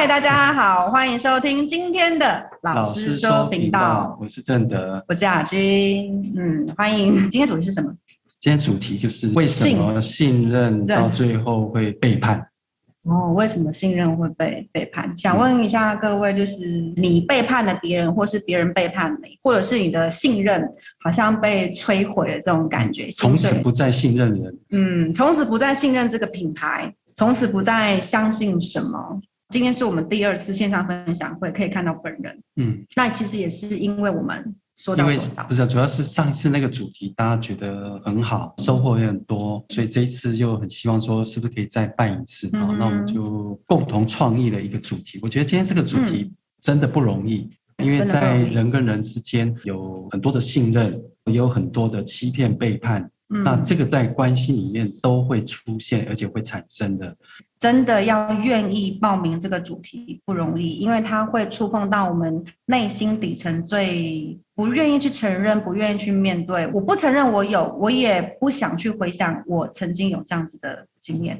嗨，大家好，歡迎收聽今天的老施說頻道。頻道，我是正德，我是亞軍。嗯，歡迎。今天主題是什麼？今天主題就是為什麼信任到最後會背叛。哦，為什麼信任會被背叛？嗯？想問一下各位，就是你背叛了別人，或是別人背叛你，或者是你的信任好像被摧毀了，這種感覺，嗯，從此不再信任人。嗯，從此不再信任這個品牌，從此不再相信什麼。今天是我們第二次線上分享會，可以看到本人。嗯，那其實也是因為我們說到做到，因為，不是、啊，主要是上一次那個主題大家覺得很好，收穫也很多，所以這一次又很希望說是不是可以再辦一次啊、嗯？那我們就共同創意了一個主題。我覺得今天這個主題真的不容易，嗯、因為在人跟人之間有很多的信任，也有很多的欺騙背叛。那這個在關係裡面都會出現，而且會產生的。的、嗯、真的要願意報名這個主題不容易，因為它會觸碰到我們內心底層最不願意去承認、不願意去面對。我不承認我有，我也不想去回想我曾經有這樣子的經驗。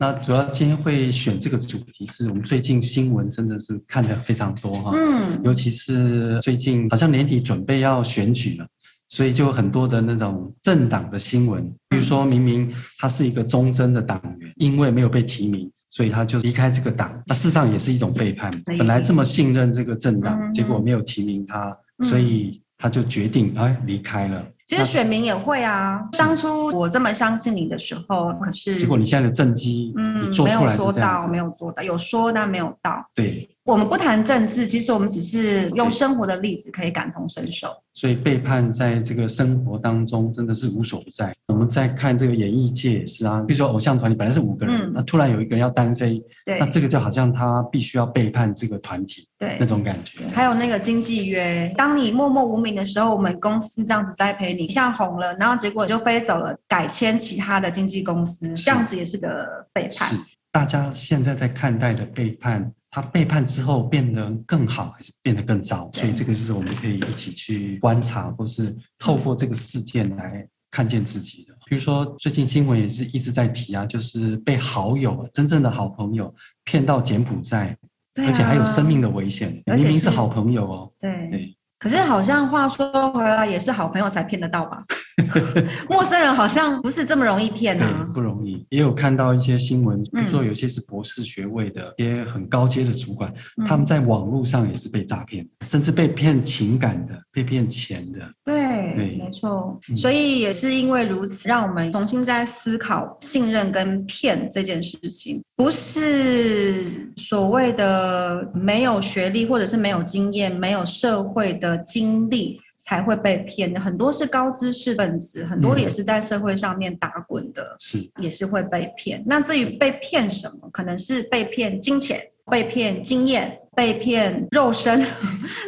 那主要今天會選這個主題是，是我們最近新聞真的是看得非常多哈，嗯，尤其是最近好像年底準備要選舉了。所以就有很多的那種政黨的新聞，比如說明明他是一個忠貞的黨員，因為沒有被提名，所以他就離開這個黨。那事實上也是一種背叛，本來這麼信任這個政黨，嗯、結果沒有提名他，嗯、所以他就決定、哎、離開了。其實選民也會啊，當初我這麼相信你的時候，可是結果你現在的政績，嗯，你做出來，沒有說到，沒有做到，有說但沒有到。對。我們不談政治，其實我們只是用生活的例子可以感同身受。所以背叛在這個生活當中真的是無所不在。我們在看這個演藝界也是啊，比如說偶像團體本來是五個人，嗯，那突然有一個人要單飛，那這個就好像他必須要背叛這個團體，對，那種感覺。還有那個經紀約，當你默默無名的時候，我們公司這樣子栽培你，像紅了，然後結果就飛走了，改簽其他的經紀公司，這樣子也是個背叛，是是。大家現在在看待的背叛，他背叛之後變得更好還是變得更糟？所以這個就是我們可以一起去觀察，或是透過這個事件來看見自己的。比如說，最近新聞也是一直在提啊，就是被好友、真正的好朋友騙到柬埔寨。對啊，而且還有生命的危險。明明是好朋友哦，對，對。可是好像話說回來，也是好朋友才騙得到吧？ 陌生人好像不是這麼容易騙的，不容易。也有看到一些新聞，比如說有些是博士學位的、嗯、一些很高階的主管，嗯、他們在網絡上也是被詐騙，甚至被騙情感的、被騙錢的。對，對沒錯、嗯。所以也是因為如此，讓我們重新再思考信任跟騙這件事情，不是所謂的沒有學歷，或者是沒有經驗、沒有社會的經歷。才會被騙的，很多是高知識分子，很多也是在社會上面打滾的，嗯、是也是會被騙。那至於被騙什麼，可能是被騙金錢、被騙經驗、被騙肉身、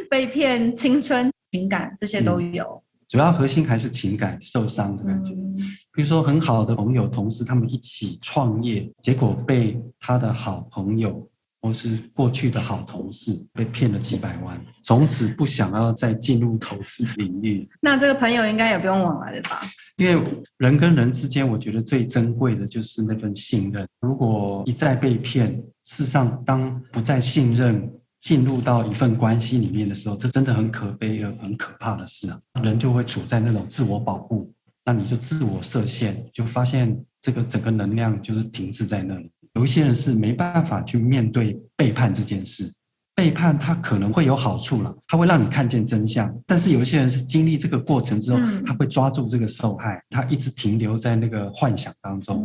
被騙青春、情感，這些都有。嗯、主要核心還是情感受傷的感覺。嗯、比如說，很好的朋友、同事，他們一起創業，結果被他的好朋友，或是過去的好同事，被騙了幾百萬，從此不想要再進入投資領域。那這個朋友應該也不用往來的吧？因為人跟人之間，我覺得最珍貴的就是那份信任。如果一再被騙，事實上當不再信任進入到一份關係裡面的時候，這真的很可悲，也很可怕的事啊！人就會處在那種自我保護，那你就自我設限，就發現這個整個能量就是停滯在那裡。有一些人是沒辦法去面對背叛這件事，背叛它可能會有好處了，他會讓你看見真相。但是有一些人是經歷這個過程之後，他會抓住這個受害，他一直停留在那個幻想當中。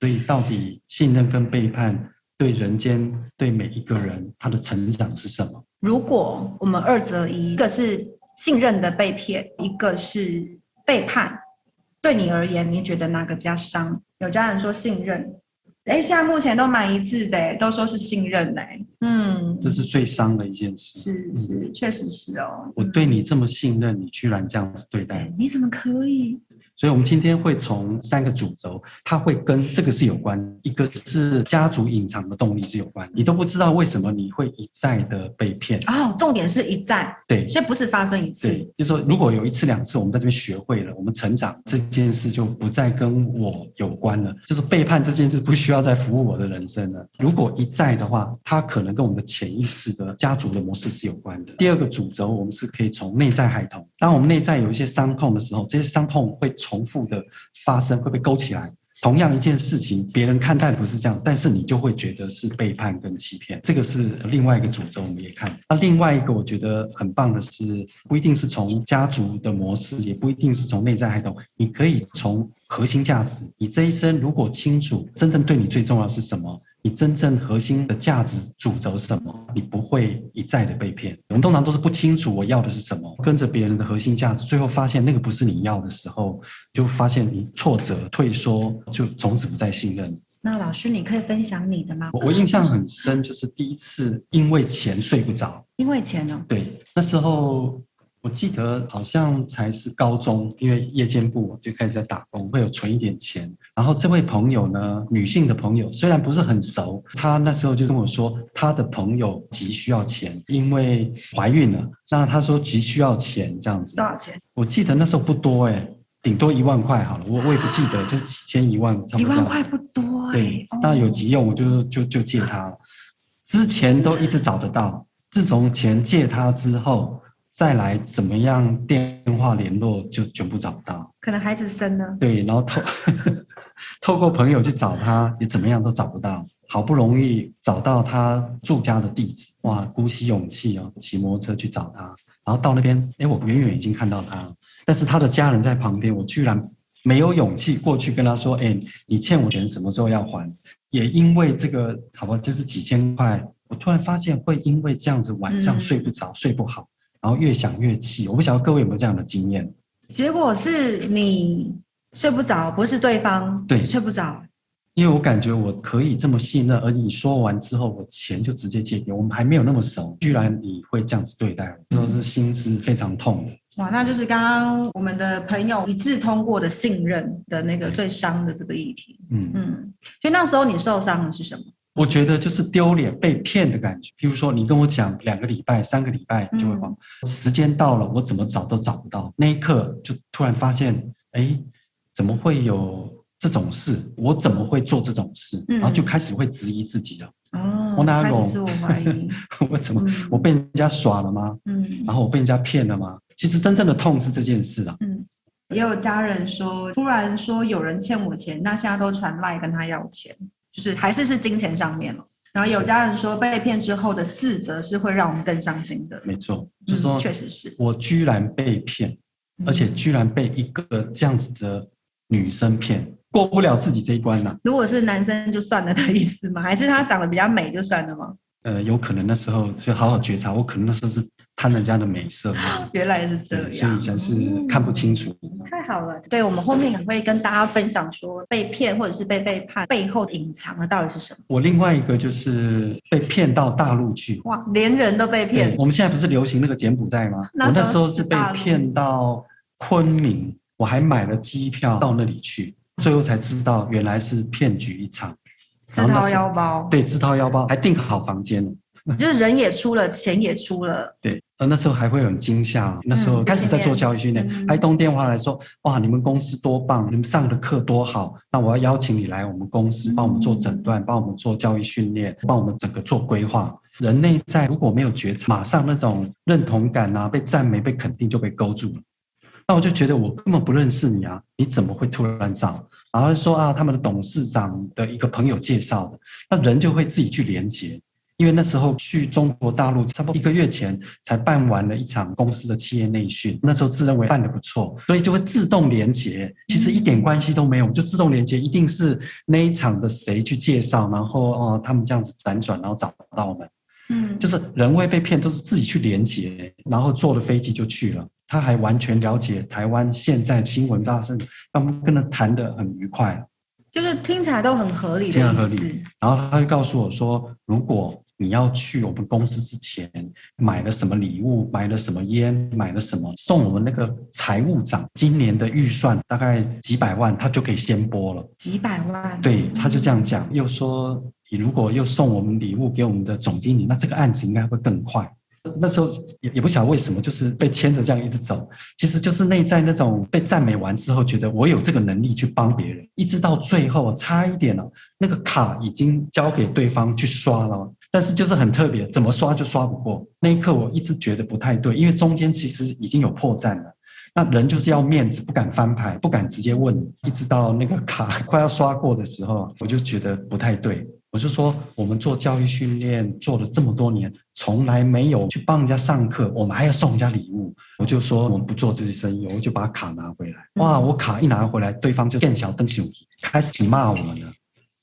所以到底信任跟背叛對人間對每一個人他的成長是什麼、嗯嗯？如果我們二擇一，一個是信任的被騙，一個是背叛，對你而言，你覺得哪個比較傷？有家人說信任。哎，現在目前都蠻一致的，都說是信任嘞。嗯，這是最傷的一件事。是是，嗯、確實是哦。我對你這麼信任，嗯、你居然這樣子對待。對，你怎麼可以？所以，我們今天會從三個主軸，它會跟這個是有關。一個是家族隱藏的動力是有關，你都不知道為什麼你會一再的被騙。哦，重點是一再，對，所以不是發生一次，對，就是說如果有一次兩次，我們在這邊學會了，我們成長這件事就不再跟我有關了。就是背叛這件事不需要再服務我的人生了。如果一再的話，它可能跟我們的潛意識的家族的模式是有關的。第二個主軸，我們是可以從內在孩童。當我們內在有一些傷痛的時候，這些傷痛會。重複的發生，會被勾起來，同樣一件事情，別人看待的不是這樣，但是你就會覺得是背叛跟欺騙，這個是另外一個主軸。我們也看，那另外一個我覺得很棒的是，不一定是從家族的模式，也不一定是從內在孩童，你可以從核心價值。你這一生如果清楚真正對你最重要的是什麼？你真正核心的價值主軸是什麼？你不會一再的被騙。我們通常都是不清楚我要的是什麼，跟着別人的核心價值，最後發現那個不是你要的時候，就發現你挫折、退縮，就從此不再信任。那老師，你可以分享你的嗎？我印象很深，就是第一次因為錢睡不着，因為錢呢、哦？對，那時候我記得好像才是高中，因為夜間部就開始在打工，會有存一點錢。然後這位朋友呢，女性的朋友，雖然不是很熟，她那時候就跟我說，她的朋友急需要錢，因為懷孕了。那她說急需要錢，這樣子。多少錢？我記得那時候不多哎、欸，頂多一萬塊好了，我我也不記得，啊、就幾千一萬差不多。一萬塊不多、欸。對、哦，那有急用我就就就借她。之前都一直找得到，自從錢借她之後，再來怎麼樣電話聯絡就全部找不到。可能孩子生呢？對，然後她。 透過朋友去找他，也怎麼樣都找不到。好不容易找到他住家的地址，哇，鼓起勇氣哦，騎摩托車去找他。然後到那邊，誒、欸，我遠遠已經看到他，但是他的家人在旁邊，我居然沒有勇氣過去跟他說：“誒、欸，你欠我錢什麼時候要還？”也因為這個，好吧，就是幾千塊，我突然發現會因為這樣子晚上睡不着、嗯、睡不好，然後越想越氣。我不曉得各位有沒有這樣的經驗。結果是你。睡不着，不是對方對睡不着，因為我感覺我可以這麼信任，而你說完之後，我錢就直接借給我，我們還沒有那麼熟，居然你會這樣子對待我，說是心是非常痛的、嗯。哇，那就是剛剛我們的朋友一致通過的信任的那個最傷的這個議題。嗯嗯，所以那時候你受傷的是什麼？我覺得就是丟臉被騙的感覺。譬如說你跟我講兩個禮拜、三個禮拜你就會還、嗯，時間到了我怎麼找都找不到，那一刻就突然發現，哎。怎麼會有這種事？我怎麼會做這種事？嗯、然後就開始會質疑自己了。哦，哦開始自我懷疑。 我怎麼、嗯？我被人家耍了嗎？嗯。然後我被人家騙了嗎？其實真正的痛是這件事啊。嗯。也有家人說，突然說有人欠我錢，那現在都傳賴跟他要錢，就是還是是金錢上面了。然後有家人說被騙之後的自責是會讓我們更傷心的。沒錯，就是說，嗯、確實是我居然被騙，而且居然被一個這樣子的、嗯。女生騙，過不了自己這一關。如果是男生就算了的意思嗎？還是她長得比較美就算了嗎？呃，有可能那時候就好好覺察，我可能那時候是貪人家的美色。原來是這樣，所以以前是看不清楚。嗯。太好了，對我們後面還會跟大家分享說被騙或者是被背叛背後隱藏的到底是什麼。我另外一個就是被騙到大陸去，哇，連人都被騙。我們現在不是流行那個柬埔寨嗎？那我那時候是被騙到昆明。我還買了機票到那裡去，最後才知道原來是騙局一場，自掏腰包，對，自掏腰包還訂好房間了， 就是人也出了，錢也出了，對，而那時候還會很驚嚇，那時候開始在做教育訓練，嗯、天天還通電話來說，嗯，哇，你們公司多棒，你們上的課多好，那我要邀請你來我們公司，幫我們做診斷，嗯，幫我們做教育訓練，幫我們整個做規劃。人內在如果沒有覺察，馬上那種認同感啊，被讚美、被肯定就被勾住了。那我就覺得我根本不認識你啊，你怎麼會突然找？然後說啊，他們的董事長的一個朋友介紹的，那人就會自己去連接。因為那時候去中國大陸差不多一個月前才辦完了一場公司的企業內訓，那時候自認為辦得不錯，所以就會自動連接。其實一點關係都沒有，嗯、就自動連接，一定是那一場的誰去介紹，然後哦、啊，他們這樣子輾轉，然後找到我們。嗯，就是人會被騙，都是自己去連接，然後坐了飛機就去了。他還完全了解台灣現在新聞大事，他們跟他談得很愉快，就是聽起來都很合理的，非常合理。然後他就告訴我說，如果你要去我們公司之前買了什麼禮物，買了什麼煙，買了什麼，送我們那個財務長今年的預算大概幾百萬，他就可以先撥了。幾百萬？對，他就這樣講，又說你如果又送我們禮物給我們的總經理，那這個案子應該會更快。那時候也也不曉得為什麼，就是被牽着這樣一直走，其實就是內在那種被讚美完之後，覺得我有這個能力去幫別人，一直到最後差一點了，啊，那個卡已經交給對方去刷了，但是就是很特別，怎麼刷就刷不過。那一刻我一直覺得不太對，因為中間其實已經有破綻了。那人就是要面子，不敢翻牌，不敢直接問，一直到那個卡快要刷過的時候，我就覺得不太對。我就說，我們做教育訓練做了這麼多年，從來沒有去幫人家上課，我們還要送人家禮物。我就說，我們不做這些生意，我就把卡拿回來。哇，我卡一拿回來，對方就變小，瞪起眼睛，開始罵我們了。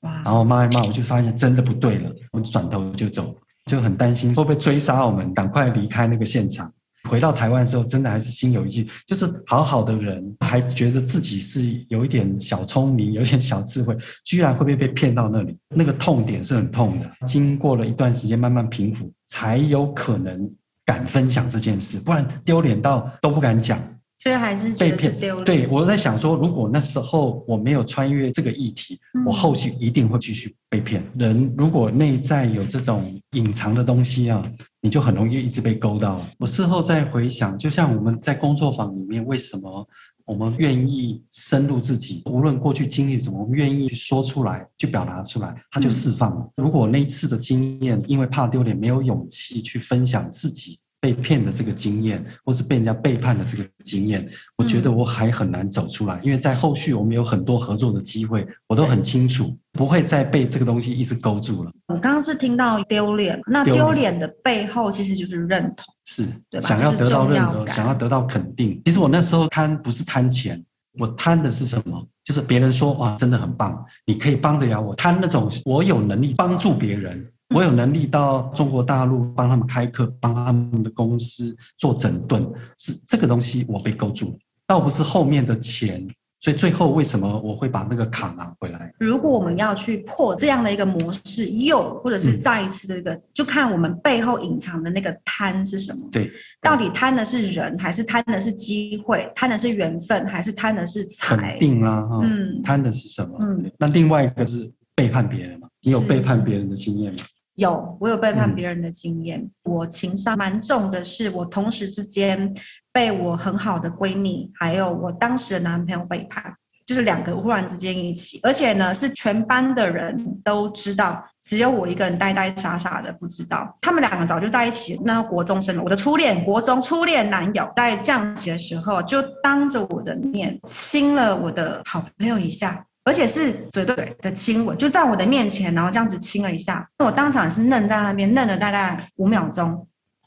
哇，然後罵一罵，我就發現真的不對了，我轉頭就走，就很擔心會不會追殺我們，趕快離開那個現場。回到台灣的時候，真的還是心有餘悸。就是好好的人，還覺得自己是有一點小聰明、有一點小智慧，居然會，會被被騙到那裡，那個痛點是很痛的。經過了一段時間慢慢平復，才有可能敢分享這件事，不然丟臉到都不敢講。所以還是，是被騙。對，我在想說，如果那時候我沒有穿越這個議題，嗯、我後續一定會繼續被騙。人如果內在有這種隱藏的東西啊。你就很容易一直被勾到了。我事後再回想，就像我們在工作坊裡面，為什麼我們願意深入自己？無論過去經歷什麼，我們願意去說出來，去表達出來，他就釋放了。嗯。如果那一次的經驗，因為怕丟臉，沒有勇氣去分享自己。被騙的這個經驗，或是被人家背叛的這個經驗，我覺得我還很難走出來。嗯。因為在後續我們有很多合作的機會，我都很清楚，不會再被這個東西一直勾住了。我剛剛是聽到丟臉，那丟臉的背後其實就是認同，是，對吧？想要得到認可，就是，想要得到肯定。其實我那時候貪不是貪錢，我貪的是什麼？就是別人說哇，真的很棒，你可以幫得了我，貪那種我有能力幫助別人。我有能力到中國大陸幫他們開課，幫他們的公司做整頓，是這個東西我被勾住了，倒不是後面的錢。所以最後為什麼我會把那個卡拿回來？如果我們要去破這樣的一個模式，又或者是再一次這個、嗯，就看我們背後隱藏的那個貪是什麼。對，到底貪的是人，還是貪的是機會？貪的是緣分，還是貪的是財？肯定啦、啊哦，嗯。貪的是什麼、嗯？那另外一個是背叛別人嘛？你有背叛別人的經驗嗎？有，我有背叛別人的經驗。嗯。我情商蠻重的是，我同時之間被我很好的閨蜜，還有我當時的男朋友背叛，就是兩個忽然之間一起，而且呢是全班的人都知道，只有我一個人呆呆傻傻的不知道。他們兩個早就在一起，那個、國中生了，我的初戀，國中初戀男友在降旗的時候就當着我的面親了我的好朋友一下。而且是嘴對嘴的親吻，就在我的面前，然後這樣子親了一下，那我當場是愣在那邊，愣了大概五秒鐘，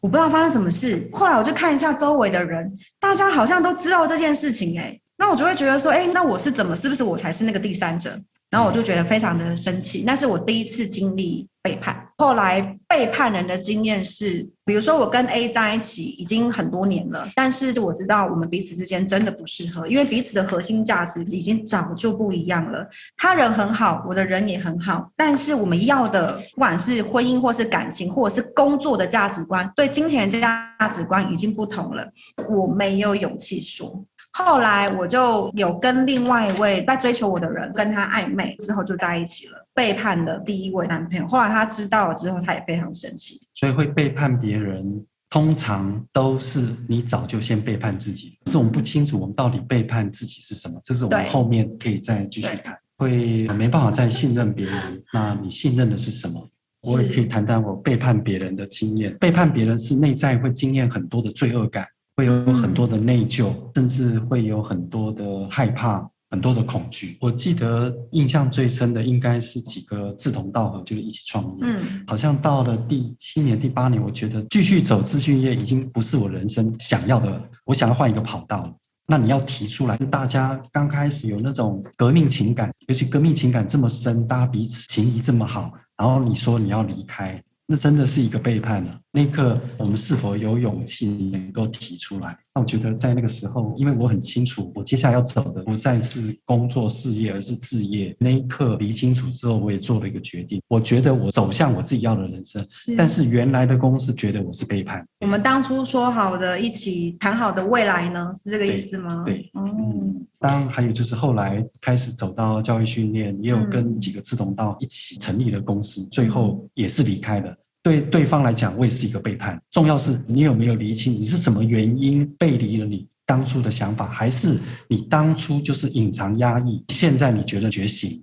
我不知道發生什麼事。後來我就看一下周圍的人，大家好像都知道這件事情、欸，哎，那我就會覺得說，哎、欸，那我是怎麼，是不是我才是那個第三者？然後我就覺得非常的生氣，那是我第一次經歷背叛。後來背叛人的經驗是，比如說我跟 A 在一起已經很多年了，但是我知道我們彼此之間真的不適合，因為彼此的核心價值已經早就不一樣了。他人很好，我的人也很好，但是我們要的不管是婚姻，或是感情，或者是工作的價值觀，對金錢的價價值觀已經不同了。我沒有勇氣說。後來我就有跟另外一位在追求我的人，跟他曖昧之後就在一起了，背叛了第一位男朋友。後來他知道了之後，他也非常生氣。所以會背叛別人，通常都是你早就先背叛自己。可是我們不清楚我們到底背叛自己是什麼，這是我們後面可以再繼續談。會沒辦法再信任別人，那你信任的是什麼是？我也可以談談我背叛別人的經驗。背叛別人是內在會經驗很多的罪惡感。會有很多的內疚、嗯，甚至會有很多的害怕，很多的恐懼。我記得印象最深的應該是幾個志同道合，就是一起創業、嗯。好像到了第七年、第八年，我覺得繼續走諮詢業已經不是我人生想要的，我想要換一個跑道。那你要提出來，就大家剛開始有那種革命情感，尤其革命情感這麼深，大家彼此情誼這麼好，然後你說你要離開，那真的是一個背叛了、啊。那一刻，我們是否有勇氣能夠提出來？那我覺得在那個時候，因為我很清楚，我接下來要走的不再是工作事業，而是置業。那一刻釐清楚之後，我也做了一個決定，我覺得我走向我自己要的人生。是但是原來的公司覺得我是背叛。我們當初說好的一起談好的未來呢？是這個意思嗎？對，對、哦。嗯。當還有就是後來開始走到教育訓練，也有跟幾個志同道一起成立了公司，嗯、最後也是離開了。對對方來講，我也是一個背叛。重要是你有沒有理清，你是什麼原因背離了你當初的想法，還是你當初就是隱藏壓抑，現在你覺得你覺醒，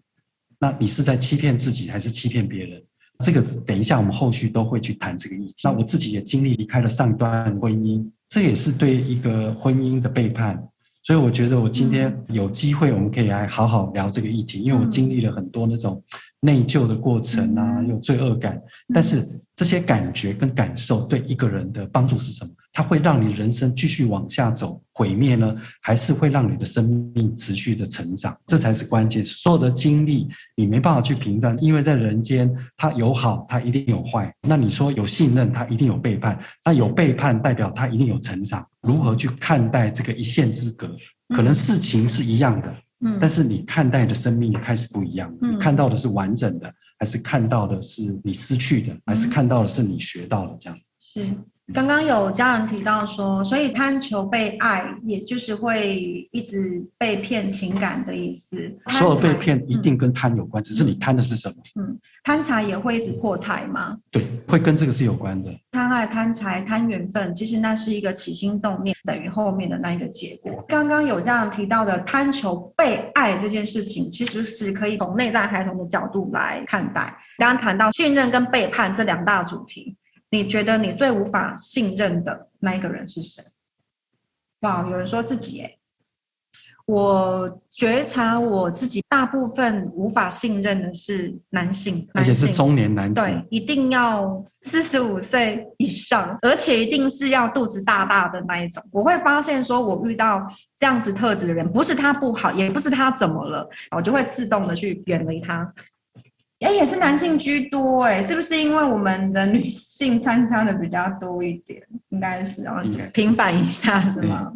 那你是在欺騙自己，還是欺騙別人？這個等一下我們後續都會去談這個議題。那我自己也經歷離開了上段婚姻，這也是對一個婚姻的背叛。所以我覺得我今天有機會，我們可以來好好聊這個議題，因為我經歷了很多那種，內疚的過程啊，有罪惡感，但是這些感覺跟感受對一個人的幫助是什麼？它會讓你人生繼續往下走，毀滅呢，還是會讓你的生命持續的成長？這才是關鍵。所有的經歷你沒辦法去評判，因為在人間，它有好，它一定有壞。那你說有信任，它一定有背叛；那有背叛，代表它一定有成長。如何去看待這個一線之隔？可能事情是一樣的。但是你看待的生命開始不一樣，嗯，你看到的是完整的，還是看到的是你失去的，嗯，還是看到的是你學到的這樣子？是。剛剛有家人提到說，所以貪求被愛，也就是會一直被騙情感的意思。所有被騙一定跟貪有關、嗯，只是你貪的是什麼？嗯，貪財也會一直破財嗎、嗯？對，會跟這個是有關的。貪愛、貪財、貪緣分，其實那是一個起心動念等於後面的那一個結果。剛剛有家人提到的貪求被愛這件事情，其實是可以從內在孩童的角度來看待。剛剛談到信任跟背叛這兩大主題。你覺得你最無法信任的那一個人是誰？哇、wow，有人說自己耶、欸。我覺察我自己大部分無法信任的是男性，男性，而且是中年男性。對，一定要四十五歲以上，而且一定是要肚子大大的那一種。我會發現，說我遇到這樣子特質的人，不是他不好，也不是他怎麼了，我就會自動的去遠離他。哎、欸，也是男性居多。誒，是不是因為我們的女性參加的比較多一點？應該是啊，平反一下是嗎？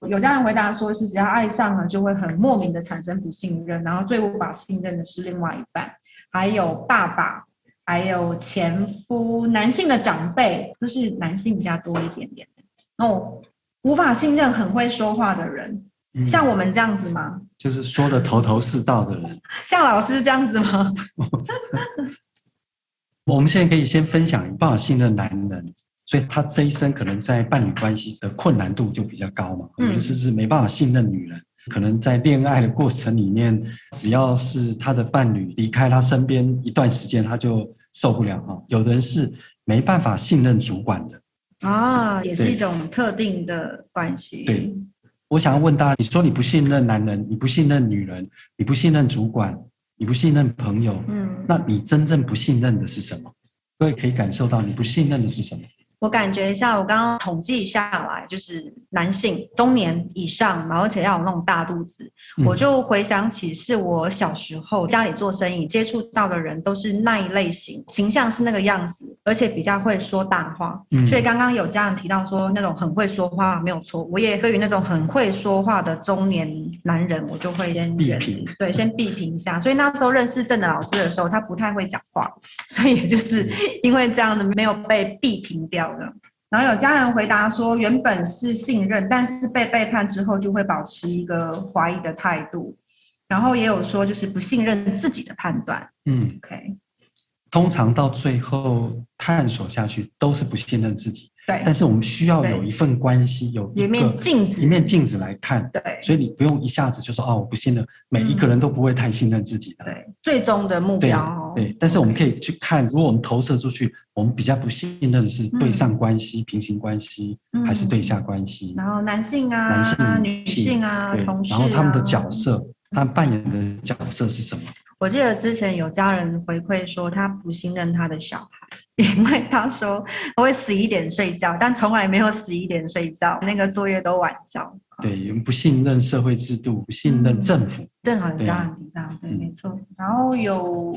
嗯、有家人回答說是，只要愛上了就會很莫名的產生不信任，然後最無法信任的是另外一半，還有爸爸，還有前夫，男性的長輩都、就是男性比較多一點點。哦，無法信任很會說話的人，像我們這樣子嗎？嗯 就是說得頭頭是道的人，像老師這樣子嗎？ 我們現在可以先分享，沒辦法信任男人，所以他這一生可能在伴侶關係的困難度就比較高嘛。有的人是，是沒辦法信任女人，嗯，可能在戀愛的過程裡面，只要是他的伴侶離開他身邊一段時間，他就受不了啊。有的人是沒辦法信任主管的啊，也是一種特定的關係。對。對我想要問大家，你說你不信任男人，你不信任女人，你不信任主管，你不信任朋友，嗯，那你真正不信任的是什麼？各位可以感受到你不信任的是什麼？我感覺一下，我剛剛統計下來就是男性中年以上嘛，而且要有那種大肚子，我就回想起是我小時候家裡做生意接觸到的人都是那一類型，形象是那個樣子，而且比較會說大話。所以剛剛有這樣提到說那種很會說話，沒有錯，我也對於那種很會說話的中年男人，我就會先屏蔽。對，先屏蔽一下。所以那時候認識鄭的老師的時候，他不太會講話，所以就是因為這樣的沒有被屏蔽掉。好的，然後有家人回答說，原本是信任，但是被背叛之後就會保持一個懷疑的態度。然後也有說就是不信任自己的判斷。嗯，OK，通常到最後探索下去都是不信任自己。對，但是我們需要有一份關係，有一個、一面鏡子。一面鏡子來看。對，所以你不用一下子就說哦，我不信任，每一個人都不會太信任自己的。嗯、對，最終的目標、哦對。對，但是我們可以去看，okay. 如果我們投射出去，我們比較不信任的是對上關係、嗯、平行關係、嗯，還是對下關係？然後男性啊，男性、女性、女性啊，同事、啊。然後他們的角色，他扮演的角色是什麼？我記得之前有家人回饋說，他不信任他的小孩。因為他說會十一點睡覺，但從來沒有十一點睡覺，那個作業都晚交。對，不信任社會制度，不信任政府。嗯、正好有家人提到，啊，對，沒錯。嗯、然後有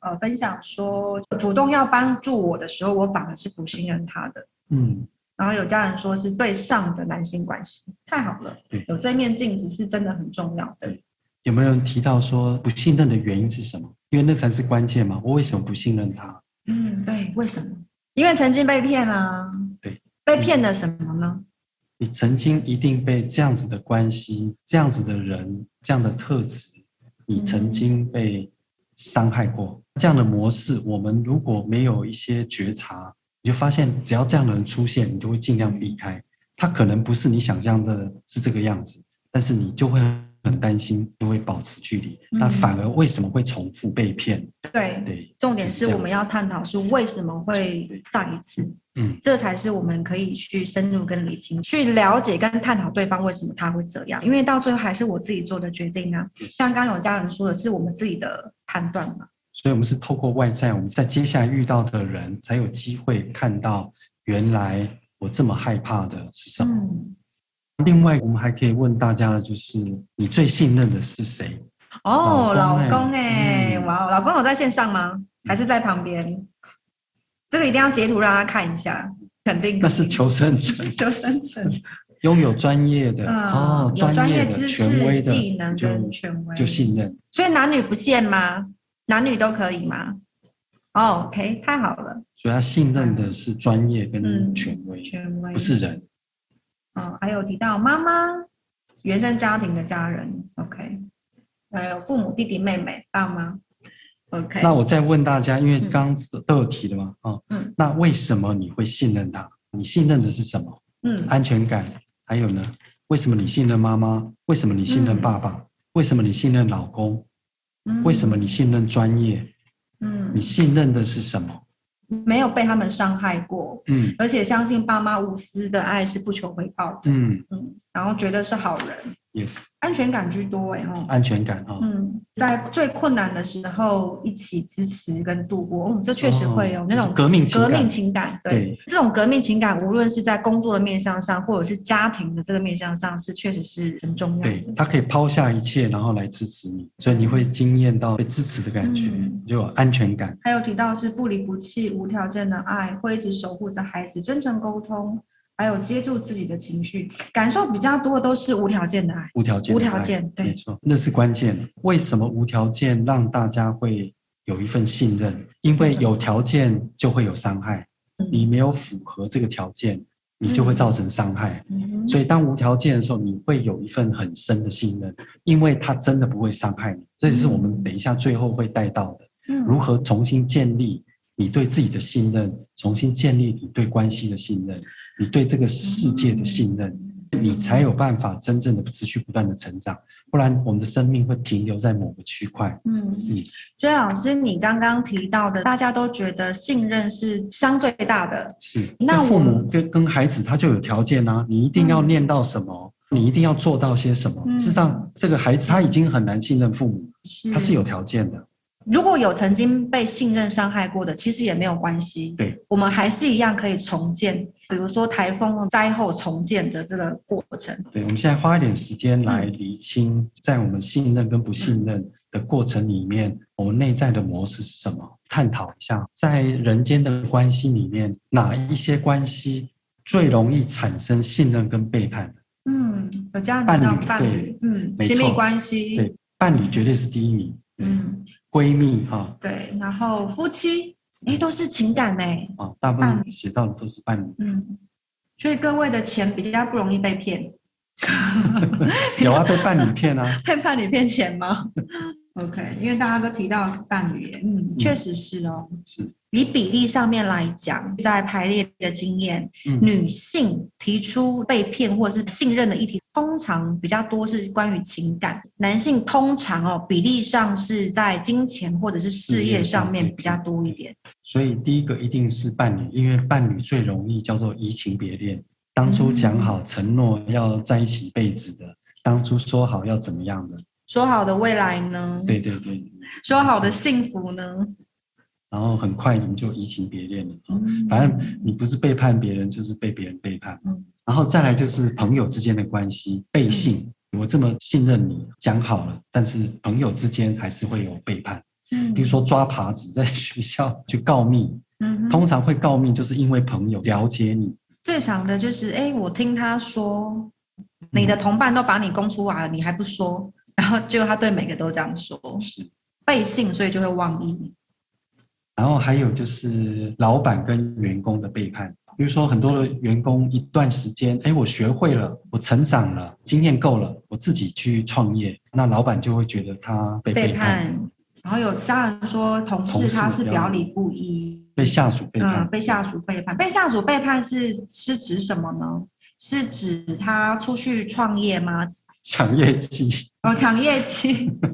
呃分享說，主動要幫助我的時候，我反而是不信任他的。嗯。然後有家人說，是對上的男性關係，太好了，對，有這面鏡子是真的很重要的。對，有沒有人提到說不信任的原因是什麼？因為那才是關鍵嘛，我為什麼不信任他？嗯，對，為什麼？因為曾經被騙了。對，被騙了什麼呢？你，你曾經一定被這樣子的關係、這樣子的人、這樣的特質，你曾經被傷害過。這樣的模式，我們如果沒有一些覺察，你就發現，只要這樣的人出現，你就會盡量避開。他可能不是你想象的，是這個樣子，但是你就會。很擔心，因為保持距離、嗯。那反而為什麼會重複被騙？對對，重點是我們要探討是為什麼會再一次。嗯，這才是我們可以去深入跟理清、嗯、去了解跟探討對方為什麼他會這樣。因為到最後還是我自己做的決定啊。像剛剛有家人說的是我們自己的判斷嘛。所以，我們是透過外在，我們在接下來遇到的人，才有機會看到原來我這麼害怕的是什麼。嗯另外，我們還可以問大家的就是，你最信任的是誰？哦，老公哎，哇，老公有、欸嗯 wow, 在線上嗎？還是在旁邊？這個一定要截圖讓他看一下，肯定，肯定那是求生存，求生存，擁 有專業的哦，專、啊啊、業，業知識權威的、技能跟權威就，就信任。所以男女不限嗎？男女都可以嗎、oh,？OK，哦太好了。所以他信任的是專業跟權威，嗯、權威不是人。哦，還有提到媽媽、原生家庭的家人，OK，還有父母、弟弟、妹妹、爸媽，OK。那我再問大家，因為剛剛都有提的嘛，啊、嗯，嗯、哦。那為什麼你會信任他？你信任的是什麼？嗯，安全感，還有呢？為什麼你信任媽媽？為什麼你信任爸爸？嗯，為什麼你信任老公？嗯，為什麼你信任專業？嗯，你信任的是什麼？沒有被他們傷害過，嗯，而且相信爸媽無私的愛是不求回報的，嗯，嗯，然後覺得是好人。Yes. 安全感居多哎、哦、安全感哈、哦，嗯，在最困難的時候一起支持跟度過，嗯，這確實會有那種、哦就是、革命革命情感，對，對這種革命情感，無論是在工作的面向上，或者是家庭的這個面向上是，是確實是很重要的。對，他可以拋下一切，然後來支持你，所以你會經驗到被支持的感覺，嗯、就有安全感。還有提到是不離不棄、無條件的愛，會一直守護着孩子，真誠溝通。還有接觸自己的情緒感受比較多的，都是無條件的愛，無條件，無條件，對，沒錯，那是關鍵。為什麼無條件讓大家會有一份信任？因為有條件就會有傷害，你沒有符合這個條件，嗯、你就會造成傷害、嗯。所以當無條件的時候，你會有一份很深的信任，因為它真的不會傷害你。這是我們等一下最後會帶到的，嗯、如何重新建立你對自己的信任，嗯、重新建立你對關係的信任。你對這個世界的信任、嗯，你才有辦法真正的持續不斷的成長，不然我們的生命會停留在某個區塊。嗯嗯。所以老師，你剛剛提到的，大家都覺得信任是相最大的。是。那父母跟跟孩子他就有條件啊，你一定要念到什麼，嗯，你一定要做到些什麼。嗯、事實上，這個孩子他已經很難信任父母，他是有條件的。如果有曾經被信任傷害過的，其實也沒有關係。對。我們還是一樣可以重建。比如說，颱風災後重建的這個過程。對，我們現在花一點時間來釐清，在我們信任跟不信任的過程裡面，我們內在的模式是什麼？探討一下，在人間的關係裡面，哪一些關係最容易產生信任跟背叛？嗯，有這樣這樣伴侶，伴侶，嗯，親密關係。對，伴侶絕對是第一名，嗯，閨蜜哈，啊，對，然後夫妻。哎，都是情感嘞！哦，大部分寫到的都是伴侶。嗯，所以各位的錢比較不容易被騙。 有啊，被伴侶騙啊！被伴侶騙錢嗎？OK，因為大家都提到是伴侶，嗯，確實是哦。嗯、是。以比例上面來講，在排列的經驗，嗯、女性提出被騙或是信任的議題，通常比較多是關於情感；男性通常哦，比例上是在金錢或者是事業上面比較多一點。所以第一個一定是伴侶，因為伴侶最容易叫做移情別戀。當初講好承諾要在一起一輩子的，當初說好要怎麼樣的，說好的未來呢？對對對，說好的幸福呢？然後很快你就移情別戀了啊！反正你不是背叛別人，就是被別人背叛。然後再來就是朋友之間的關係背信。我這麼信任你，講好了，但是朋友之間還是會有背叛。嗯，比如說抓耙子，在學校去告密。嗯，通常會告密，就是因為朋友了解你，嗯嗯嗯。最常的就是，哎，欸，我聽他說，嗯，你的同伴都把你供出來了，你還不說。然後，結果他對每個都這樣說，是背信，所以就會忘義。然後還有就是老闆跟員工的背叛，比如說很多的員工一段時間，哎，我學會了，我成長了，經驗夠了，我自己去創業，那老闆就會覺得他被背叛。背叛，然後有家人說同事他是表裡不一，被下屬背叛。被下屬背叛，嗯，被下屬背叛，嗯，被下屬背叛是是指什麼呢？是指他出去創業嗎？搶業績哦，搶業績。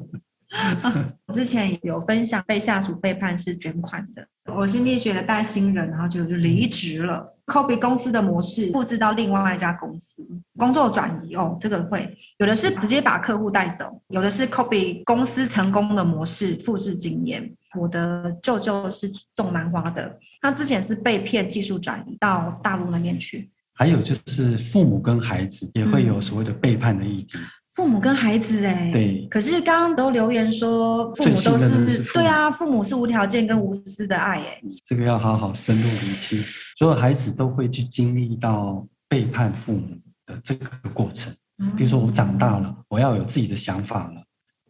之前有分享被下屬背叛是捲款的，我是心理學的帶新人，然後就離職了，嗯、，copy 公司的模式複製到另外一家公司，工作轉移哦，這個會有的是直接把客戶帶走，有的是 copy 公司成功的模式複製經驗。我的舅舅是種蘭花的，他之前是被騙技術轉移到大陸那邊去。還有就是父母跟孩子也會有所謂的背叛的議題。嗯父母跟孩子欸，對，可是剛剛都留言說，父母都是，對啊，父母是無條件跟無私的愛欸，這個要好好深入理解。所有孩子都會去經歷到背叛父母的這個過程，嗯，比如說我長大了，我要有自己的想法了，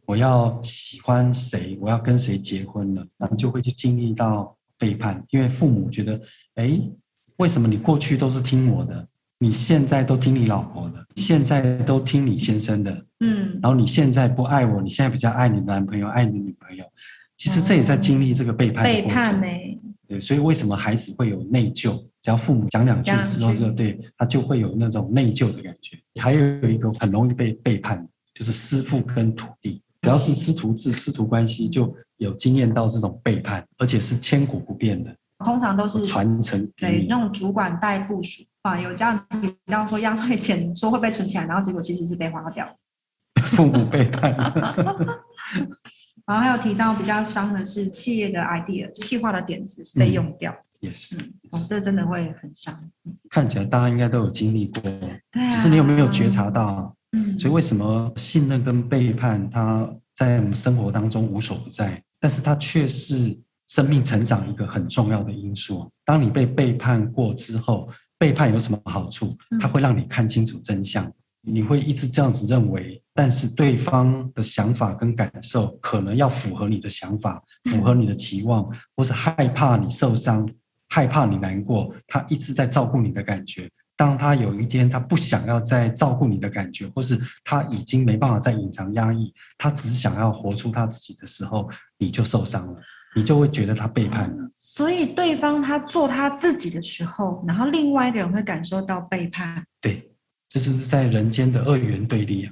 我要喜歡誰，我要跟誰結婚了，然後就會去經歷到背叛，因為父母覺得，哎，為什麼你過去都是聽我的？你現在都聽你老婆的，現在都聽你先生的，嗯，然後你現在不愛我，你現在比較愛你男朋友，愛你女朋友，其實這也在經歷這個背叛的、嗯。背叛、欸、對，所以為什麼孩子會有內疚？只要父母講兩句之後、這個，對他就會有那種內疚的感覺。還有一個很容易被背叛，就是師父跟徒弟，只要是師徒制、師徒關係，就有經驗到這種背叛，而且是千古不變的。通常都是傳承，對，那種主管帶部屬。啊、有家人提到說壓歲錢說會被存起來，然後結果其實是被花掉， 父母背叛。 然後還有提到比較傷的是企業的 idea，企劃的點子是被用掉、嗯，也是、嗯，哦，這真的會很傷。看起來大家應該都有經歷過，嗯、只是你有沒有覺察到、嗯？所以為什麼信任跟背叛，它在我們生活當中無所不在，但是它卻是生命成長一個很重要的因素。當你被背叛過之後，背叛有什麼好處？他會讓你看清楚真相。嗯，你會一直這樣子認為。但是對方的想法跟感受可能要符合你的想法，符合你的期望，或是害怕你受傷，害怕你難過。他一直在照顧你的感覺。當他有一天他不想要再照顧你的感覺，或是他已經沒辦法再隱藏壓抑，他只是想要活出他自己的時候，你就受傷了。你就會覺得他背叛了，所以對方他做他自己的時候，然後另外一個人會感受到背叛。對，這、就是在人間的二元對立啊。